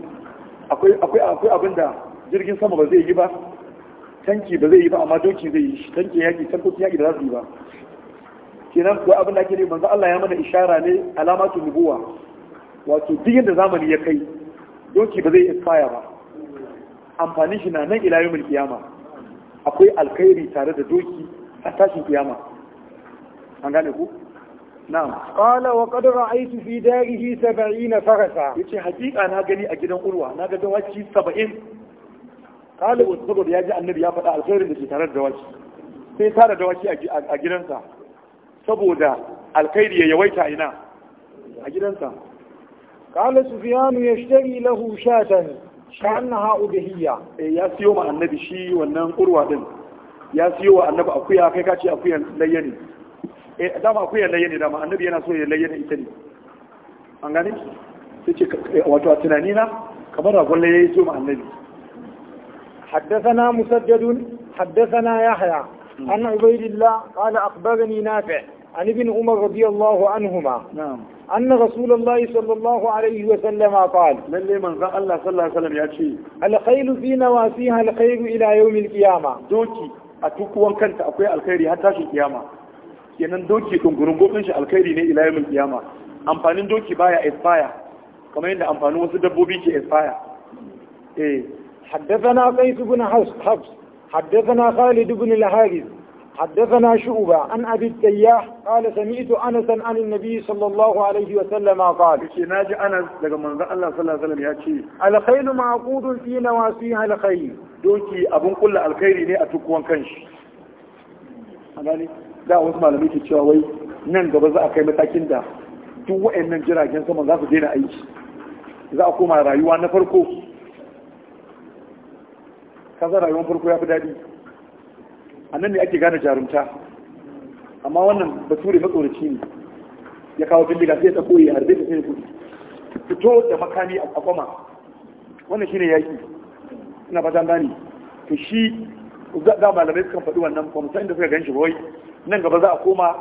S1: akwai akwai akwai abin da jirgin sama ba zai yi ba tanki ba zai yi ba amma doki zai yi tanki yaki tankokin yaki da za su yi ba kenan ko abin da ake ne manzo Allah ya mana ishara ne alamatu nubuwa wato duk da zamani ya kai doki ba zai expire ba amfanin shi na nan ila yawmul kiyama akwai alkhairi tare da doki a tashin kiyama an gane ku na'am
S2: qala wa qad ra'aytu fi darihi 70 farasa yace
S1: hakika na gani a gidan urwa na ga dawaki 70 qala wa ya ji annabi ya faɗa alkhairin da ke tare da dawaci. sai tare da dawaci a gidansa saboda alkhairi ya yawaita ina a gidansa
S2: qala sufyan yashtari lahu shatan
S1: sha'annaha udhiyya eh, ya siyo ma annabi shi wannan urwa din ya siyo wa annabi akuya kai ka ce akuyan layya ne eh dama akuyan layya ne dama annabi yana so ya layya ita ne an gane ce eh, wato a tunani na kamar ragon layya ya siyo ma annabi حدثنا
S2: مسدد حدثنا يحيى عن عبيد الله قال أخبرني نافع عن ابن عمر رضي الله عنهما نعم أن رسول الله صلى الله عليه وسلم قال من لي من قال الله صلى الله
S1: عليه وسلم يأتي الخيل في نواسيها الخير إلى يوم القيامة دوكي أتوكوان كانت أقوى الخير حتى في القيامة doki dungurungo din shi alkhairi ne ila yawmin amfanin doki baya expire kamar yadda amfanin wasu dabbobi ke expire eh haddathana qais ibn hafs haddathana
S2: حدثنا شعبة عن أبي التياح قال سمعت أنسا عن النبي
S1: صلى الله عليه وسلم قال ناجي أنس لقد من الله صلى الله عليه وسلم يأتي الخيل معقود في نواسيها الخيل دوكي أبن كل الخير ني أتكوان كنش أنا da wasu malamai ke cewa wai nan gaba za a kai matakin da duk wa'annan jiragen sama za su daina aiki za a koma rayuwa na farko kaza rayuwar farko ya fi daɗi a nan ne ake gane jarumta amma wannan bature matsoraci ne ya kawo bindiga sai ya ta ya harbe ta sai kudi fito da makami a kwama wannan shine yaki ina fatan gani to shi za malamai sukan faɗi wannan ba musamman da suka gan shi nan gaba za a koma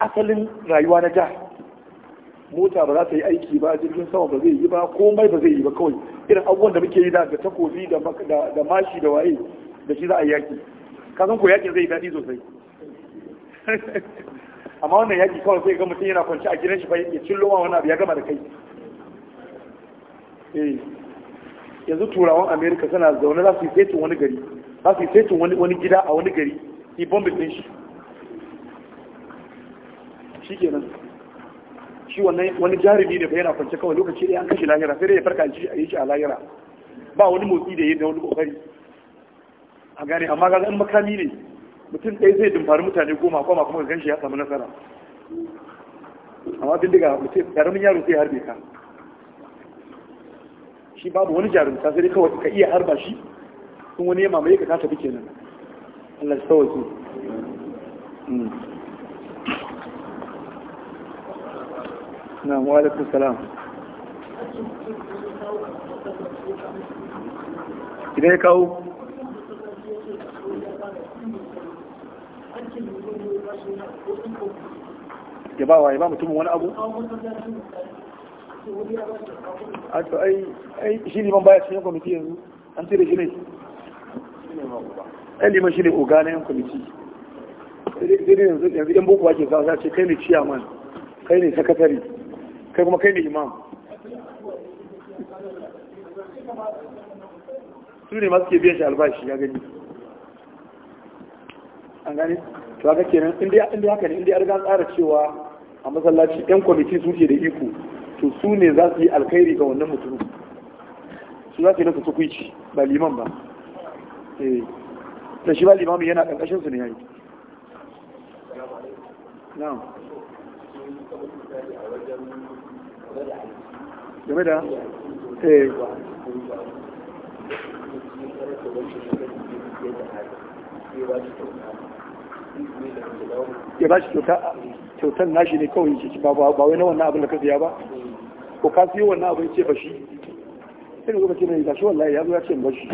S1: asalin rayuwa na da mota ba za ta yi aiki ba jirgin sama ba zai yi ba komai ba zai yi ba kawai irin abubuwan da muke yi da takobi da mashi da waye da shi za a yi yaki kazan ko yakin zai daɗi sosai <laughs> amma wannan yaki kawai sai ga mutum yana kwanci a gidan shi fa ya cillo ma wani abu ya gama da kai eh, yanzu turawan amerika suna zaune za su yi saitin wani gari za su yi saitin wani gida a wani gari yi bombin din shi shi kenan shi wannan wani jarumi ne fa yana kwance kawai lokaci ɗaya an kashe lahira sai dai ya farka a yi shi a lahira ba wani motsi da yi da wani kokari a gane amma ga in makami ne mutum ɗaya zai dumfari mutane goma goma kuma ga ganshi ya samu nasara amma daga mutum ƙaramin yaro sai harbe ka shi babu wani jarumta sai dai kawai ka iya harba shi sun wani ya mamaye ka ka tafi kenan Allah ya sauke hmm. na wa salam
S3: idan ya kawo
S1: ya ba wa ya ba mutumin wani abu a to ai shi liman baya cikin kwamiti yanzu an cire shi ne ai liman shi ne oga na yan kwamiti sai dai yanzu yanzu yan boko ake a ce kai ne ciyaman kai ne sakatari kai kuma kai ne imam su ne masu ke biyan shi albashi ya gani an gane to haka kenan in dai in dai haka ne in dai an riga tsara cewa a masallaci ɗan kwamiti su ke da iko to su ne za su yi alkhairi ga wannan mutum? su za su yi nasa tukuici ba liman ba eh shi ba limami yana ƙarƙashin su ne yayi na'am game da eh ya ba shi kyauta nashi ne kawai ce ba ba wai na wannan abin da ka siya ba ko ka siyo wannan abin ce ba shi sai ka zo ka ce mai gashi wallahi ya zo ya ce ba shi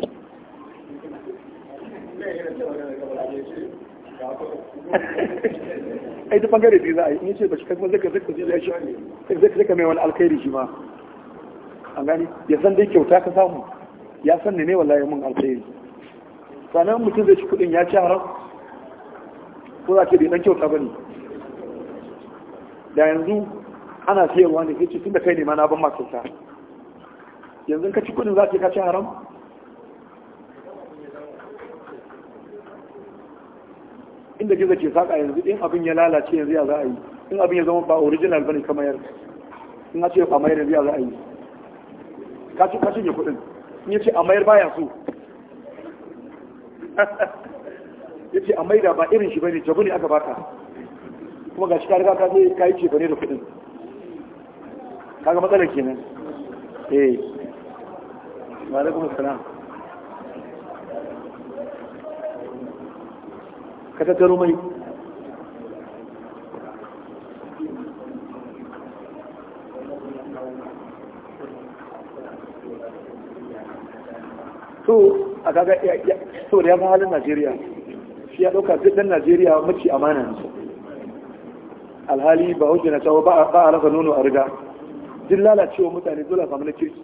S1: ai ta bangare biyu za a yi in ce ba shi kuma zaka zaka zai zai zai zaka mai wani alkhairi shi ma an gani ya san dai kyauta ka samu ya san ne wallahi mun alkhairi sanan mutum zai ci kuɗin ya ci haram ko za ce bai dan kyauta ba ne da yanzu ana siyarwa ne sai ce tun da kai ne ma na ban ma kyauta yanzu ka ci kuɗin za ka ci haram inda gizo ke saka yanzu in abin ya lalace yanzu ya za a yi in abin ya zama ba original bane kamar yar in a ce ba mayar yanzu ya za a yi ka ci kashin kuɗin in ya ce a mayar baya so ya ce a maida ba irin shi bane jabu ne aka baka kuma ga shi ka riga ka zai ka yi ce bane da kudin kaga matsalar kenan eh wa alaikum assalam ka tattaro mai to a gaga saboda ya fi halin najeriya shi ya ɗauka duk ɗan najeriya mace amana ne alhali ba hujja na cewa ba a rasa nono a riga duk lalacewa mutane dole a samu na kirki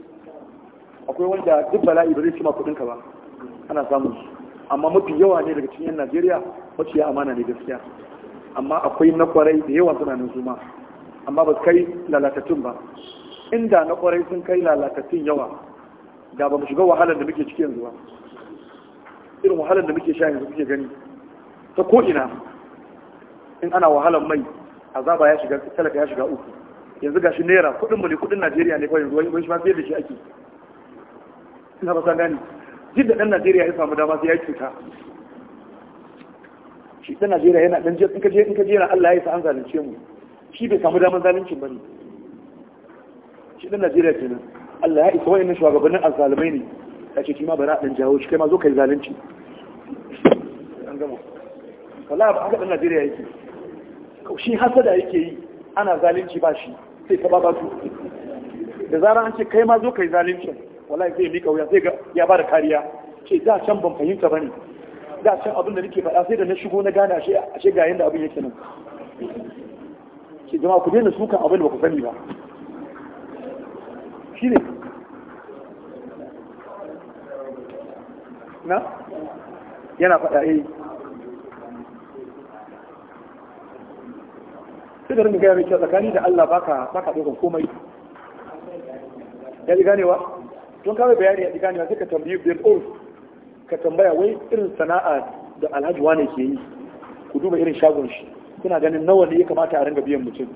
S1: akwai wanda duk bala'i ba zai cima kuɗinka ba ana samun su amma mafi yawa ne daga cikin 'yan najeriya mace ya amana ne gaskiya amma akwai na kwarai da yawa suna nan zuma amma ba su kai lalatattun ba inda na kwarai sun kai lalatattun yawa da ba mu shiga wahalar da muke ciki yanzu ba irin wahalar da muke sha yanzu muke gani ta ko'ina in ana wahalar mai azaba ya shiga talaka ya shiga uku yanzu gashi naira kudin mu ne kudin najeriya ne kawai wani wani shi ma fiye da shi ake ina ba san gani jin da dan najeriya ya samu dama sai ya cuta shi dan najeriya yana dan in ka je in ka je Allah ya yi an zalunce mu shi bai samu daman zaluncin bane shi dan najeriya kenan Allah ya isa wayannan shugabannin azzalumai ne ka ce shi ma bara dan jawo shi kai ma zo kai zalunci an gama wallahi ba haka dan Najeriya yake shi hasada yake yi ana zalunci ba shi sai ta ba su da zarar an ce kai ma zo kai zalunci wallahi zai mika wuya zai ga ya bada kariya ce da can ban fahimta bane da can abin da nake faɗa sai da na shigo na gane ashe ashe ga yanda abin yake nan ce jama'a ku daina sukan abin da ba ku sani ba shi ne. na yana faɗa eh sai da rinka gaya tsakani da Allah baka baka ɗaukan komai ya ji ganewa don kawai bayani ya ji ganewa sai ka tambayi bin old ka tambaya wai irin sana'a da alhaji wane ke yi ku duba irin shagon shi kuna ganin nawa ne ya kamata a ringa biyan mutum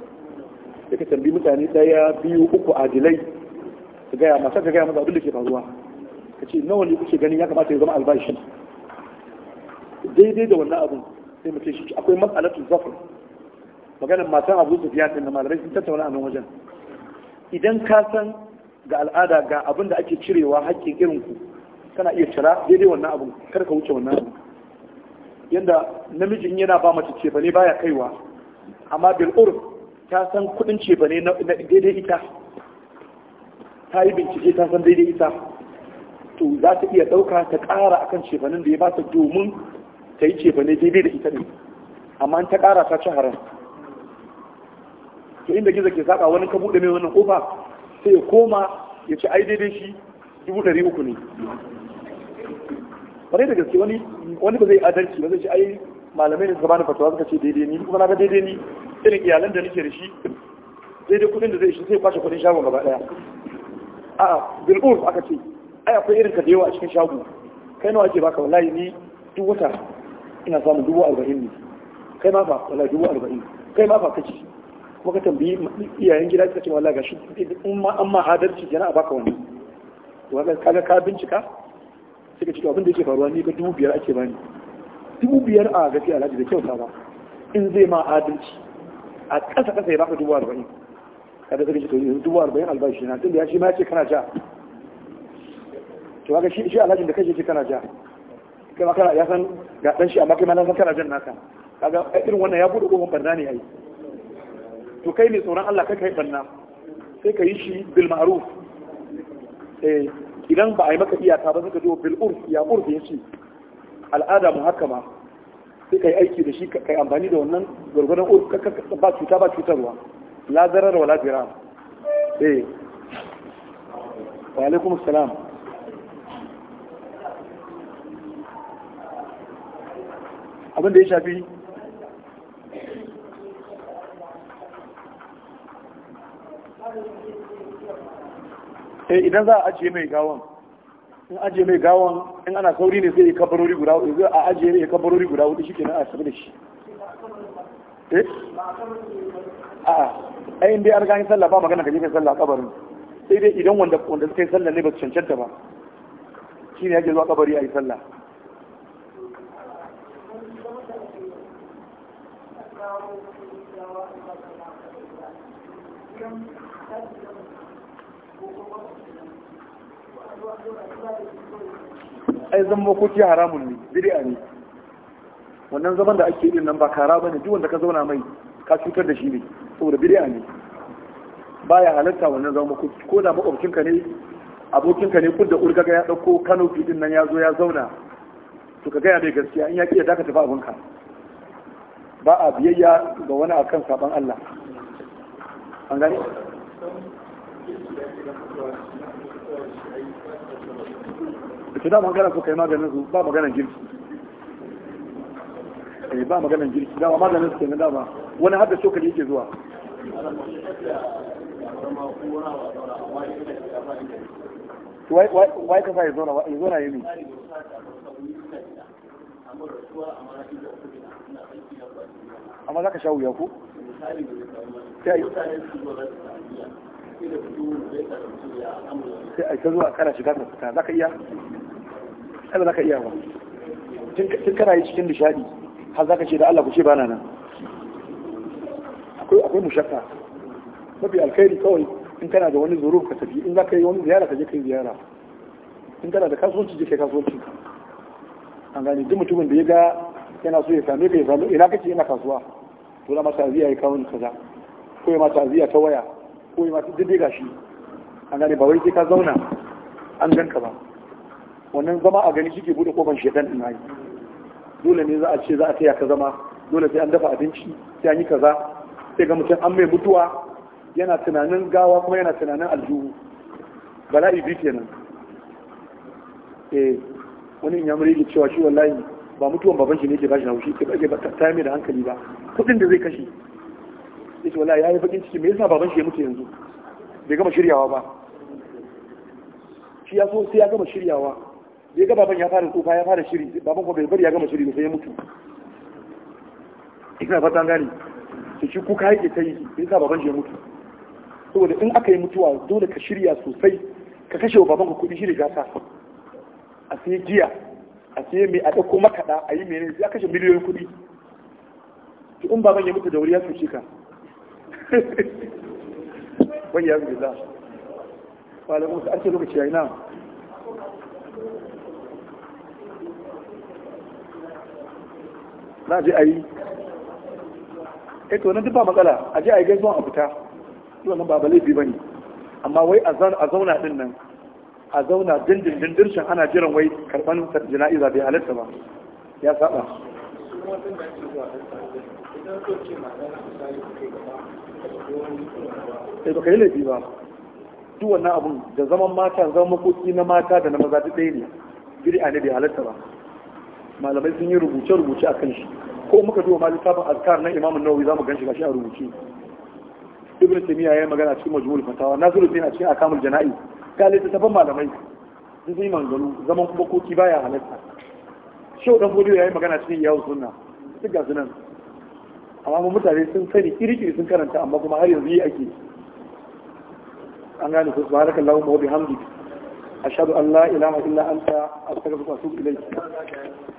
S1: sai ka tambayi mutane ɗaya biyu uku adilai ka gaya masa ka gaya masa abin da ke faruwa ka ce nawa ne kuke ganin ya kamata ya zama albashi daidai da wannan abu sai mace shi akwai matsalatun zafin maganar matan abu su fiya na malamai sun tattauna a nan wajen idan ka san ga al'ada ga abin da ake cirewa haƙƙin irin ku kana iya cira daidai wannan abu, kar ka wuce wannan abin yanda namijin yana ba mace ne baya kaiwa amma bil urf ta san kudin ne na daidai ita ta yi bincike ta san daidai ita to za ta iya ɗauka ta ƙara akan cefanin da ya ba ta domin ta yi cefane daidai da ita ne amma ta ƙara ta ci haram to inda gizo ke saƙa wani ka buɗe mai wannan ƙofa sai ya koma ya ci ai daidai shi dubu ɗari uku ne bare da gaske wani wani ba zai adalci ba zai ci ai malamai ne suka bani fatawa suka ce daidai ni kuma na ga daidai ni irin iyalan da nake da shi daidai kuɗin da zai shi sai kwashe kuɗin shagon gaba ɗaya a'a bil'ur aka ce ai akwai irin ka da yawa a cikin shago kai nawa ake baka wallahi ni duk wata ina samun dubu arba'in ne kai ma fa wallahi dubu arba'in kai ma fa kaci kuma ka tambayi iyayen gida suka ce wallahi gashi in ma an ma hadarci jana a baka wannan to wallahi kaga ka bincika sai ka ci abin da yake faruwa ni ga dubu biyar ake bani dubu biyar a gafi alhaji da kyauta ba in zai ma adalci a ƙasa ƙasa ya baka dubu arba'in kada ka ce to dubu arba'in albashi na da ya ce ma ya ce kana ja to haka shi alhajin da kake ce kana ja kai ma kana ya san ga dan shi amma kai ma na san kana jan naka kaga irin wannan ya bude kofar barna ne ai to kai ne tsoron Allah kai kai barna sai ka yi shi bil ma'ruf eh idan ba a yi maka iyaka ba suka zo bil urf ya urf yace al'ada muhakkama sai kai aiki da shi kai amfani da wannan gurgurdan urf ba cuta ba cutarwa la zarar wala dirar eh wa alaikum assalam abinda ya shafi eh idan za a ajiye mai gawon, in ajiye mai gawon in ana sauri ne sai ya kabarori guda hudu zai a ajiye ya kabarori guda hudu shi kenan a sabu da shi eh a ayin dai an gani sallah ba magana ka je kai sallah kabarin sai dai idan wanda suka yi sallah ne ba su cancanta ba shi ya ke zuwa kabari a yi sallah ai zan makoki haramun ne bid'a ne wannan zaman da ake din nan ba kara bane duk wanda ka zauna mai ka cutar da shi ne saboda bid'a ne baya halatta wannan zaman makoki ko da makwabcinka ne abokinka ne kun da urgaga ya dauko Kano din nan ya zo ya zauna to ka gaya mai gaskiya in ya ki da ka tafi abinka ba a biyayya ga wani akan saban Allah an gani da da magana su kai maganin su ba maganin girki eh ba maganan girki dama maganin su kenan dama wani hadda cokali yake zuwa wai ka sa ya zona ya zona yini amma za ka sha wuya ko? sai a yi zuwa kara shiga ka fita za ka iya ai za ka iya ba tun kana yi cikin nishadi har za ka ce da Allah ku ce bana nan akwai akwai mushaka mafi alkhairi kawai in kana da wani zuru ka tafi in za ka yi wani ziyara ka je ka yi ziyara in kana da kasuwanci je ka kasuwanci an gani duk mutumin da ya ga yana so ya same ka ya same ina kace ina kasuwa to na masa aziya ya kawo ni kaza ko ya masa aziya ta waya ko ya masa dindin gashi an gani ba wai sai ka zauna an ganka ba wannan zama a gani shike bude kofar shedan din nayi dole ne za a ce za a taya ka zama dole sai an dafa abinci sai an yi kaza sai ga mutum an mai mutuwa yana tunanin gawa kuma yana tunanin aljuhu bala'i bi kenan eh wani in yamuri ke cewa shi wallahi ba mutuwan baban shi ne ke bashi na haushi ke bage ba ta mai da hankali ba kudin da zai kashe yace wallahi yayi bakin ciki me yasa baban shi ya mutu yanzu bai gama shiryawa ba shi ya so sai ya gama shiryawa ya ga baban ya fara tsufa ya fara shiri baban ko bai bari ya gama shiri sai ya mutu ina fata gani to shi kuka yake ta yi in sa baban ya mutu saboda in aka yi mutuwa dole ka shirya sosai ka kashe wa baban ka kuɗi shiri ga sa a sai giya a sai mai a ɗauko makaɗa a yi menene sai a kashe miliyoyin kuɗi to in baban ya mutu da wuri ya cuce ka
S3: <laughs> wani ya an
S1: ce lokaci ya yi na za a je a yi eto eh, to nan duk ba matsala a je a yi gaisuwan a fita duk nan ba ba ne. amma wai a zauna din nan a zauna dindin dindirshin ana jiran wai karban jana'iza bai halatta ba ya saba sai eh, baka yi laifi ba duk wannan abun da zaman mata zaman makoki na mata da na maza duk ɗaya ne a ne bai halatta ba malamai sun yi rubuce-rubuce a kan shi ko muka duba ma littafin azkar na imam nawawi zamu ganshi gashi a rubuce ibn taymiya yayi magana cikin majmu'ul fatawa zuru a cikin akamul jana'i ga littafin malamai sun yi manzalu zaman kuma koki baya halatta shehu dan bodiyo yi magana cikin yawo sunna duk ga sunan amma mu mutane sun sani kirkiri sun karanta amma kuma har yanzu yi ake an gane ku subhanakallahu wa bihamdika أشهد أن لا إله إلا أنت أستغفرك وأتوب إليك